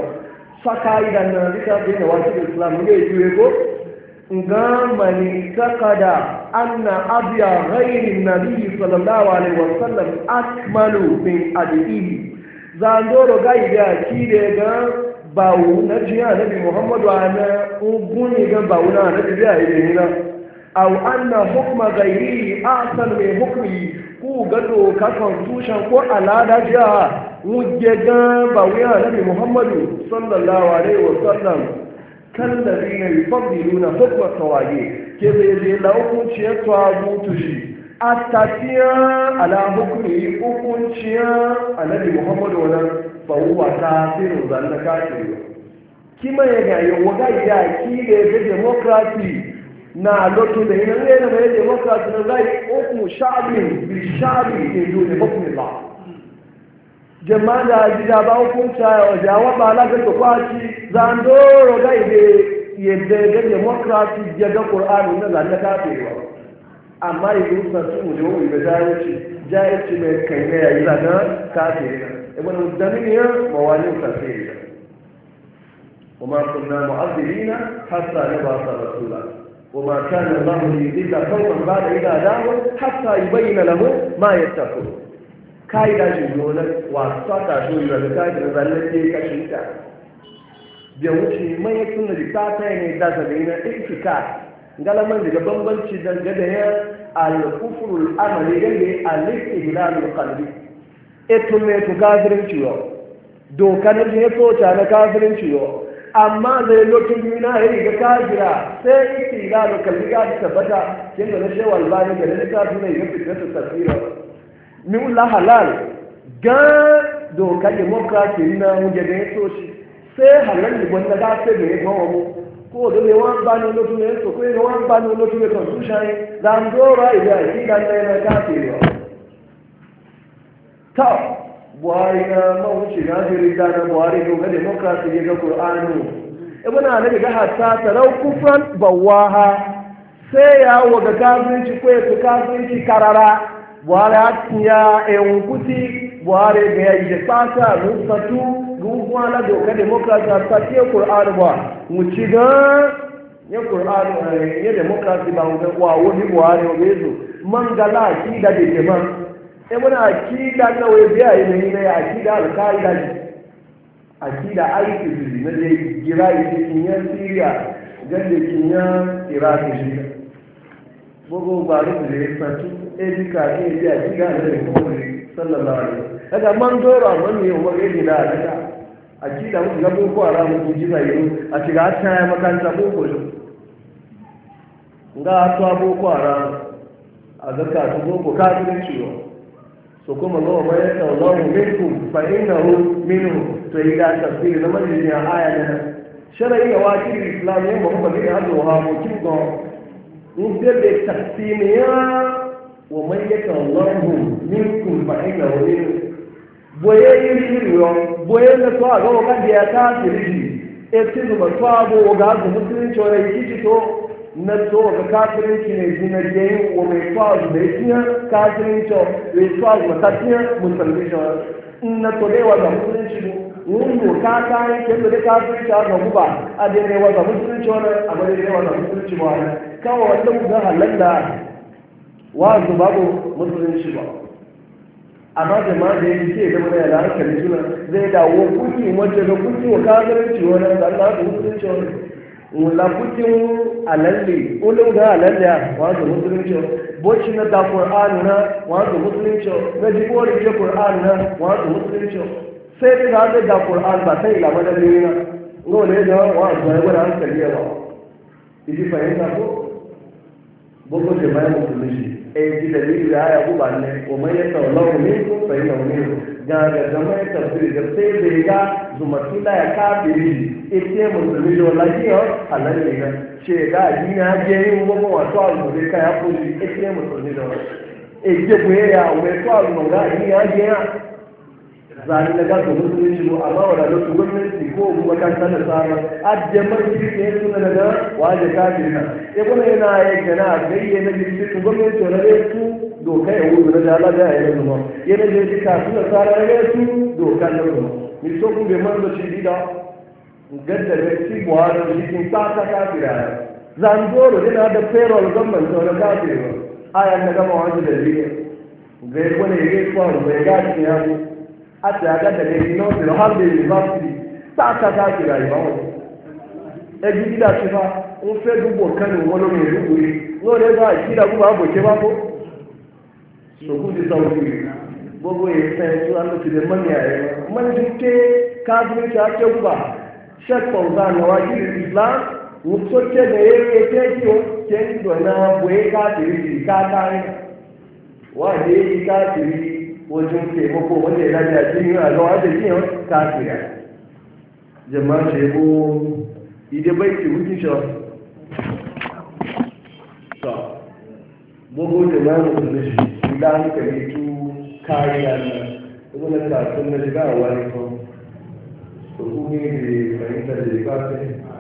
[SPEAKER 1] saka idan na bisa da yana wakil islam ne juye ko nga mani takada anna abiya ghairi nabi sallallahu alaihi wasallam akmalu min adihi zandoro ga kide ga bawu na jiya nabi muhammadu ana ugun ga bawu na nabi biya ide ni na aw anna hukma ghairi ahsan min hukmi ku ga doka constitution ko alada jiha wuje ga ba wuya nabi muhammadu sallallahu alaihi wa sallam kan da zina yi fadilu na hukma tawaye ke zai zai laukunciyar tawagutu shi a tafiya ala hukmi hukunciyar annabi muhammadu wannan ba wuwa ta firin zan da kafin kima ya gaye waga ya ki da ya democracy na lokacin da yana ne na mai demokrasi na zai uku sha'abin bi sha'abin ke yi ne hukumin ba jama'a da gida ba hukunta ya jawa ba lagar da kwaci zandoro ga ibe yadda ga demokrasi ya ga ƙur'ani na zanda kafewa amma yi rusa su mu da wani da jayarci jayarci mai kai na yayi zanda kafewa ibn daminiyar mawalin kafewa وما كنا معذبين حتى نبعث رسولا وما كان الله ليذل قوما بعد إذا هداهم حتى يبين لهم ما يتقون كايدا جنونا واسطا شو يبقى كايدا زلتي كشنكا بيوشي ما يكون لكاتا يعني دازا بينا إكتكاك قال من ذلك بمبلشي دنجده الكفر الأمل يلي الاستهلال القلبي إتو ميتو كافرين شيو دوكا نجي توتا نكافرين شيو amma da lokacin juna ya riga kafira sai iti da lokacin ga ta tabbata kin da shi wallahi ga ne ka tuna yin fitar ta tafsira min la halal ga doka ke moka ke na muje da yaso shi sai halal ne wanda da sai ne ba mu ko da ne wan ne lokacin so ko ne wan ba ne lokacin to su shai dan dora ida yi dan ne ka ta buhari na mawuce na jiri da na buhari ga ga demokrasi ne ga qur'ani e na ali ga hatta tarau kufran bawaha sai ya waga kafinci ko ya kafinci karara buhari hakiya e unkuti buhari ga ya yi fata rusatu gugu ala doka demokrasi ta ke qur'ani ba mu ci ga ya qur'ani eh, ya demokrasi ba wa wani buhari ga zo man gala ki da ke man Ebona muna akida kawai biya yi da nina ya akida alka'ida akida aiki zuzi na gira yi da kinyan siriya gan iraki shi bugu ba rufu da ya santu akida ya sallallahu alaihi na boko a ramu ku ya makanta boko ta boko a ramu a zaka sokoma Allah ma ya sallahu minkum fa innahu minu to idan tafsir na majlis aya ne shar'i ya wajib islam ne muhammad ya ne ha mu kin go in da be tafsir ya wa man ya sallahu minkum fa innahu minhu boye yo boye to a ga kan ya ta tiri e tizu ba to abo ga su mutunci to na to ga ki ne zina ke yi wa mai faru da ya kafirinci mai faru da tafiya musulmi shi na to da yawa ga musulunci wunyo ka kayan kendo da kafirinci a ga guba a dai da yawa ga musulunci wani a dai da yawa ga musulunci ba wani kawai wata ga halalla wa zuba ko musulunci ba amma da ma da yake ke zama da yana hankali suna zai dawo kuki wajen da kuki wa kafirin kafirinci wani da Allah da musulunci wani mulakucin alalle ulun ga alalle wato musulunci boci na da qur'an na wato musulunci na jibori ke qur'an na wato musulunci sai da zaɓe da qur'an ba sai ila madadin na role da wato ya gwada hankali yawa iji fahimta ko boko jama'a musulunci eh ji dalili da haya gubanne wa mai yasa wallahu minkum fa daga zaman tafsiri da sai da ya zumaki da ya kafiri ita e musulmi da lafiyar halar ne na ce da addini ya je yin gwamnan a ka ya kuli ita e musulmi da E ita ya wasu al'umma ga addini ya je zani na gasu musulunci mu amma wadanda su gwamnati ko makarantar da tsara ajiyar jirgin ya suna na da wajen kafin nan ya kuma yana yi gana gayye na jirgin su gwamnati wani zai su doka ya wuzu na
[SPEAKER 2] jala da ya yi zuma
[SPEAKER 1] yana jirgin kafin da tsara ya yi su doka na zuma ni so kun bai manzo shi dida gadda da shi buhari jirgin ta ta kafira zandoro yana da payroll gwamnati wani kafira ayan na gama wajen da jirgin zai kuma ne ya yi kwaru bai gashi ya mu àti àgàtẹ̀lẹ̀ iná ti lọ hàlẹ́ yunifásitì sáàkàtà àkìlà ìbáwọ̀ ẹbí dídà ti fa ń fẹ́ dúpọ̀ kánú wọn lórí ìdúgbò yìí wọ́n lè bá ìdídà kó bá bò ṣe bá kó sòkú ti sọ òkú yìí gbogbo yìí fẹ́ tó àlọ́ ti lè mọ́ni àyẹ̀ mọ́ni ti ké káàkiri ti àkẹ́kọ̀ọ́ ṣẹ́kọ̀ọ́ ọ̀gá ànáwá yìí ìsìlámù wòtò tẹlẹ eré tẹjú tẹjú náà wòye káàkiri káàkiri wà ní káàkiri wajen taimako wanda ya dace a cikin a ga wanda ke yawan kafiya jama'a ce ko ide bai ke hutun shi to bugu da na shi da an kare tu kariya na wani kafin na shiga a wani kan to kuma ne da fahimtar da ya ta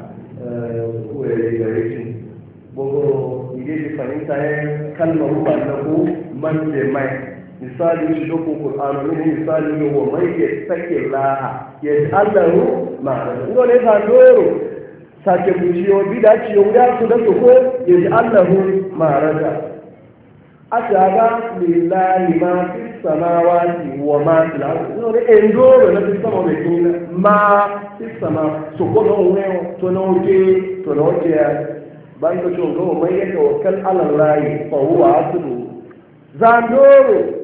[SPEAKER 1] kuwa ya yi gare shi bugu ide da fahimta ya kalmar na ko man de mai misali shi doko Qur'an ne misali ne wa mai ya sake laha ya allahu ma'ana ngo ne ta doro sake bujiyo bida ci da su da ko ya allahu ma'ana ashaga lillahi ma fi samawati wa ma fi ardi ngo ne endoro na fi sama mai kina ma fi sama su ko to to mai ya fa huwa zandoro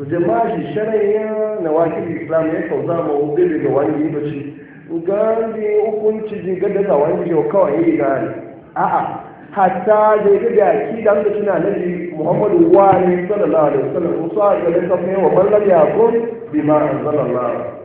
[SPEAKER 1] to jama'a shi na wakil islam ya kauza ma wube daga wani ba ce gandhi hukunci ji gada da wani yau kawai yi gani a'a hatta da ya da ki da da tuna nabi muhammadu wani sallallahu alaihi wasallam ko sa ga da sai wa ballan ya kun bima sallallahu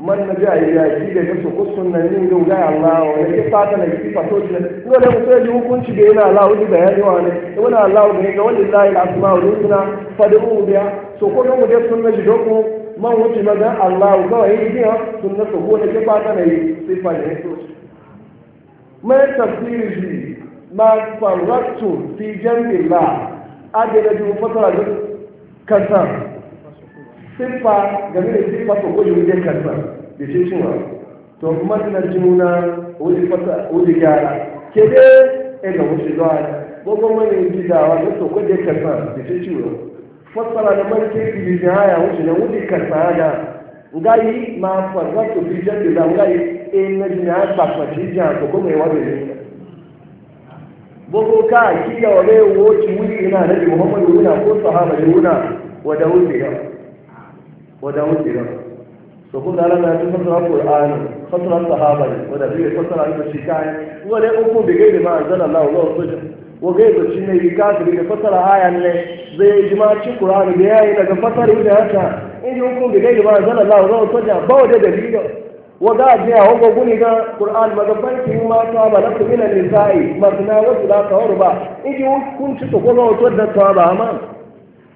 [SPEAKER 1] man na ayi ya shi da ya su ya Allah wa ya ke fata na ki fato shi ko da mutum ya ji hukunci da yana Allah wani bayani wa ne da wani Allah ne ga wani Allah ya asma wa rusuna fadu biya so ko mu da sunna ji a man wuce maga Allah ga wai ji sunna so ko da ke na sai fa ne so mai tafsiri ma fi siffa game da siffa ko koyi wajen karfa da shi cewa to matinar jimuna wuri gyara ke dai ga wuce zuwa gogon wani gidawa da to kwaje karfa da shi cewa fasara da marke biyu da haya wuce na wuri karfa da ngayi ma farwa to fi jan da ngayi e na jini ba fa ji jan ko kuma yawa wajen ni gogo ka kiyawa wuri ina da Muhammadu wuna ko sahaba wuna wa da wuce wadda wuce ba so kun dala na cikin fasara qur'ani fasara sahaba ne wadda bai fasara da shi kayan wadda uku bi gaida ma anzala Allah wa rasul wa gaida shi ne bi kafiri da fasara ayan ne zai yi ma cikin qur'ani da yayi daga fasari da haka in uku bi gaida ma anzala Allah wa rasul ba wadda dalilin وقع جاء هو قولي قرآن ما قبلت وما طاب لك من النساء مثنى وثلاث وربع إجي كنت تقول وتودى طاب أمام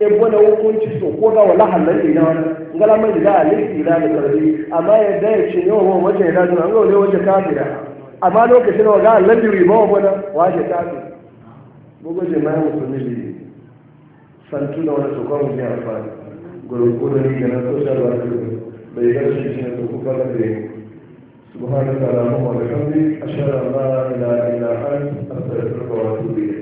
[SPEAKER 1] ebo na hukunci so ko da wala halal ne na wani ngala mai da alifi da da karbi amma ya da ya ce yawa wace ya dace an gaule wace kafira amma lokacin da ga Allah bi ba wa na wace kafira bugo je mai musulmi ne santu da wani so ko mun ya fara gurgudu ne da social worker bai ga shi ne to ku fara da سبحانك اللهم وبحمدك أشهد أن لا إله إلا
[SPEAKER 2] أنت أستغفرك وأتوب إليك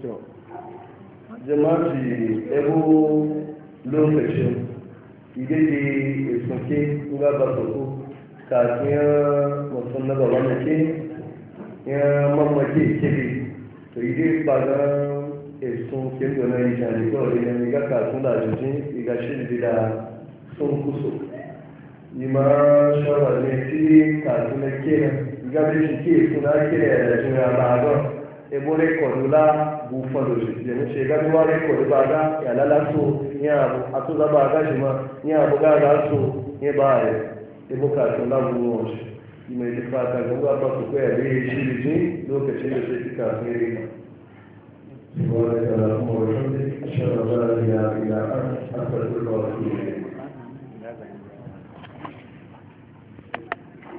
[SPEAKER 2] to
[SPEAKER 1] jama'ci ebo lokacin idai da soke ga ba soko kafin ya wasu na gaba na ke ya mamake kebe to idai ba ga esun ke da na isha ne kawai ne ga kafin da jijin iga shirbi da sun kuso ima shawar ne ti kafin na kenan iga bishin ke na kira da jira ba ga ebo rekordula bufalo domin shekaru ma rai kwari ba ga ya lalato ya abu a to zaba ga shi ma ya abu ga ga so ya ba ya ya buka sun lamu ruwan shi yi mai duk fata ga ba ba su koya da ya yi shi ji lokacin da sai kika sun yi rima. Subhanahu wa ta'ala wa bihamdihi ashhadu an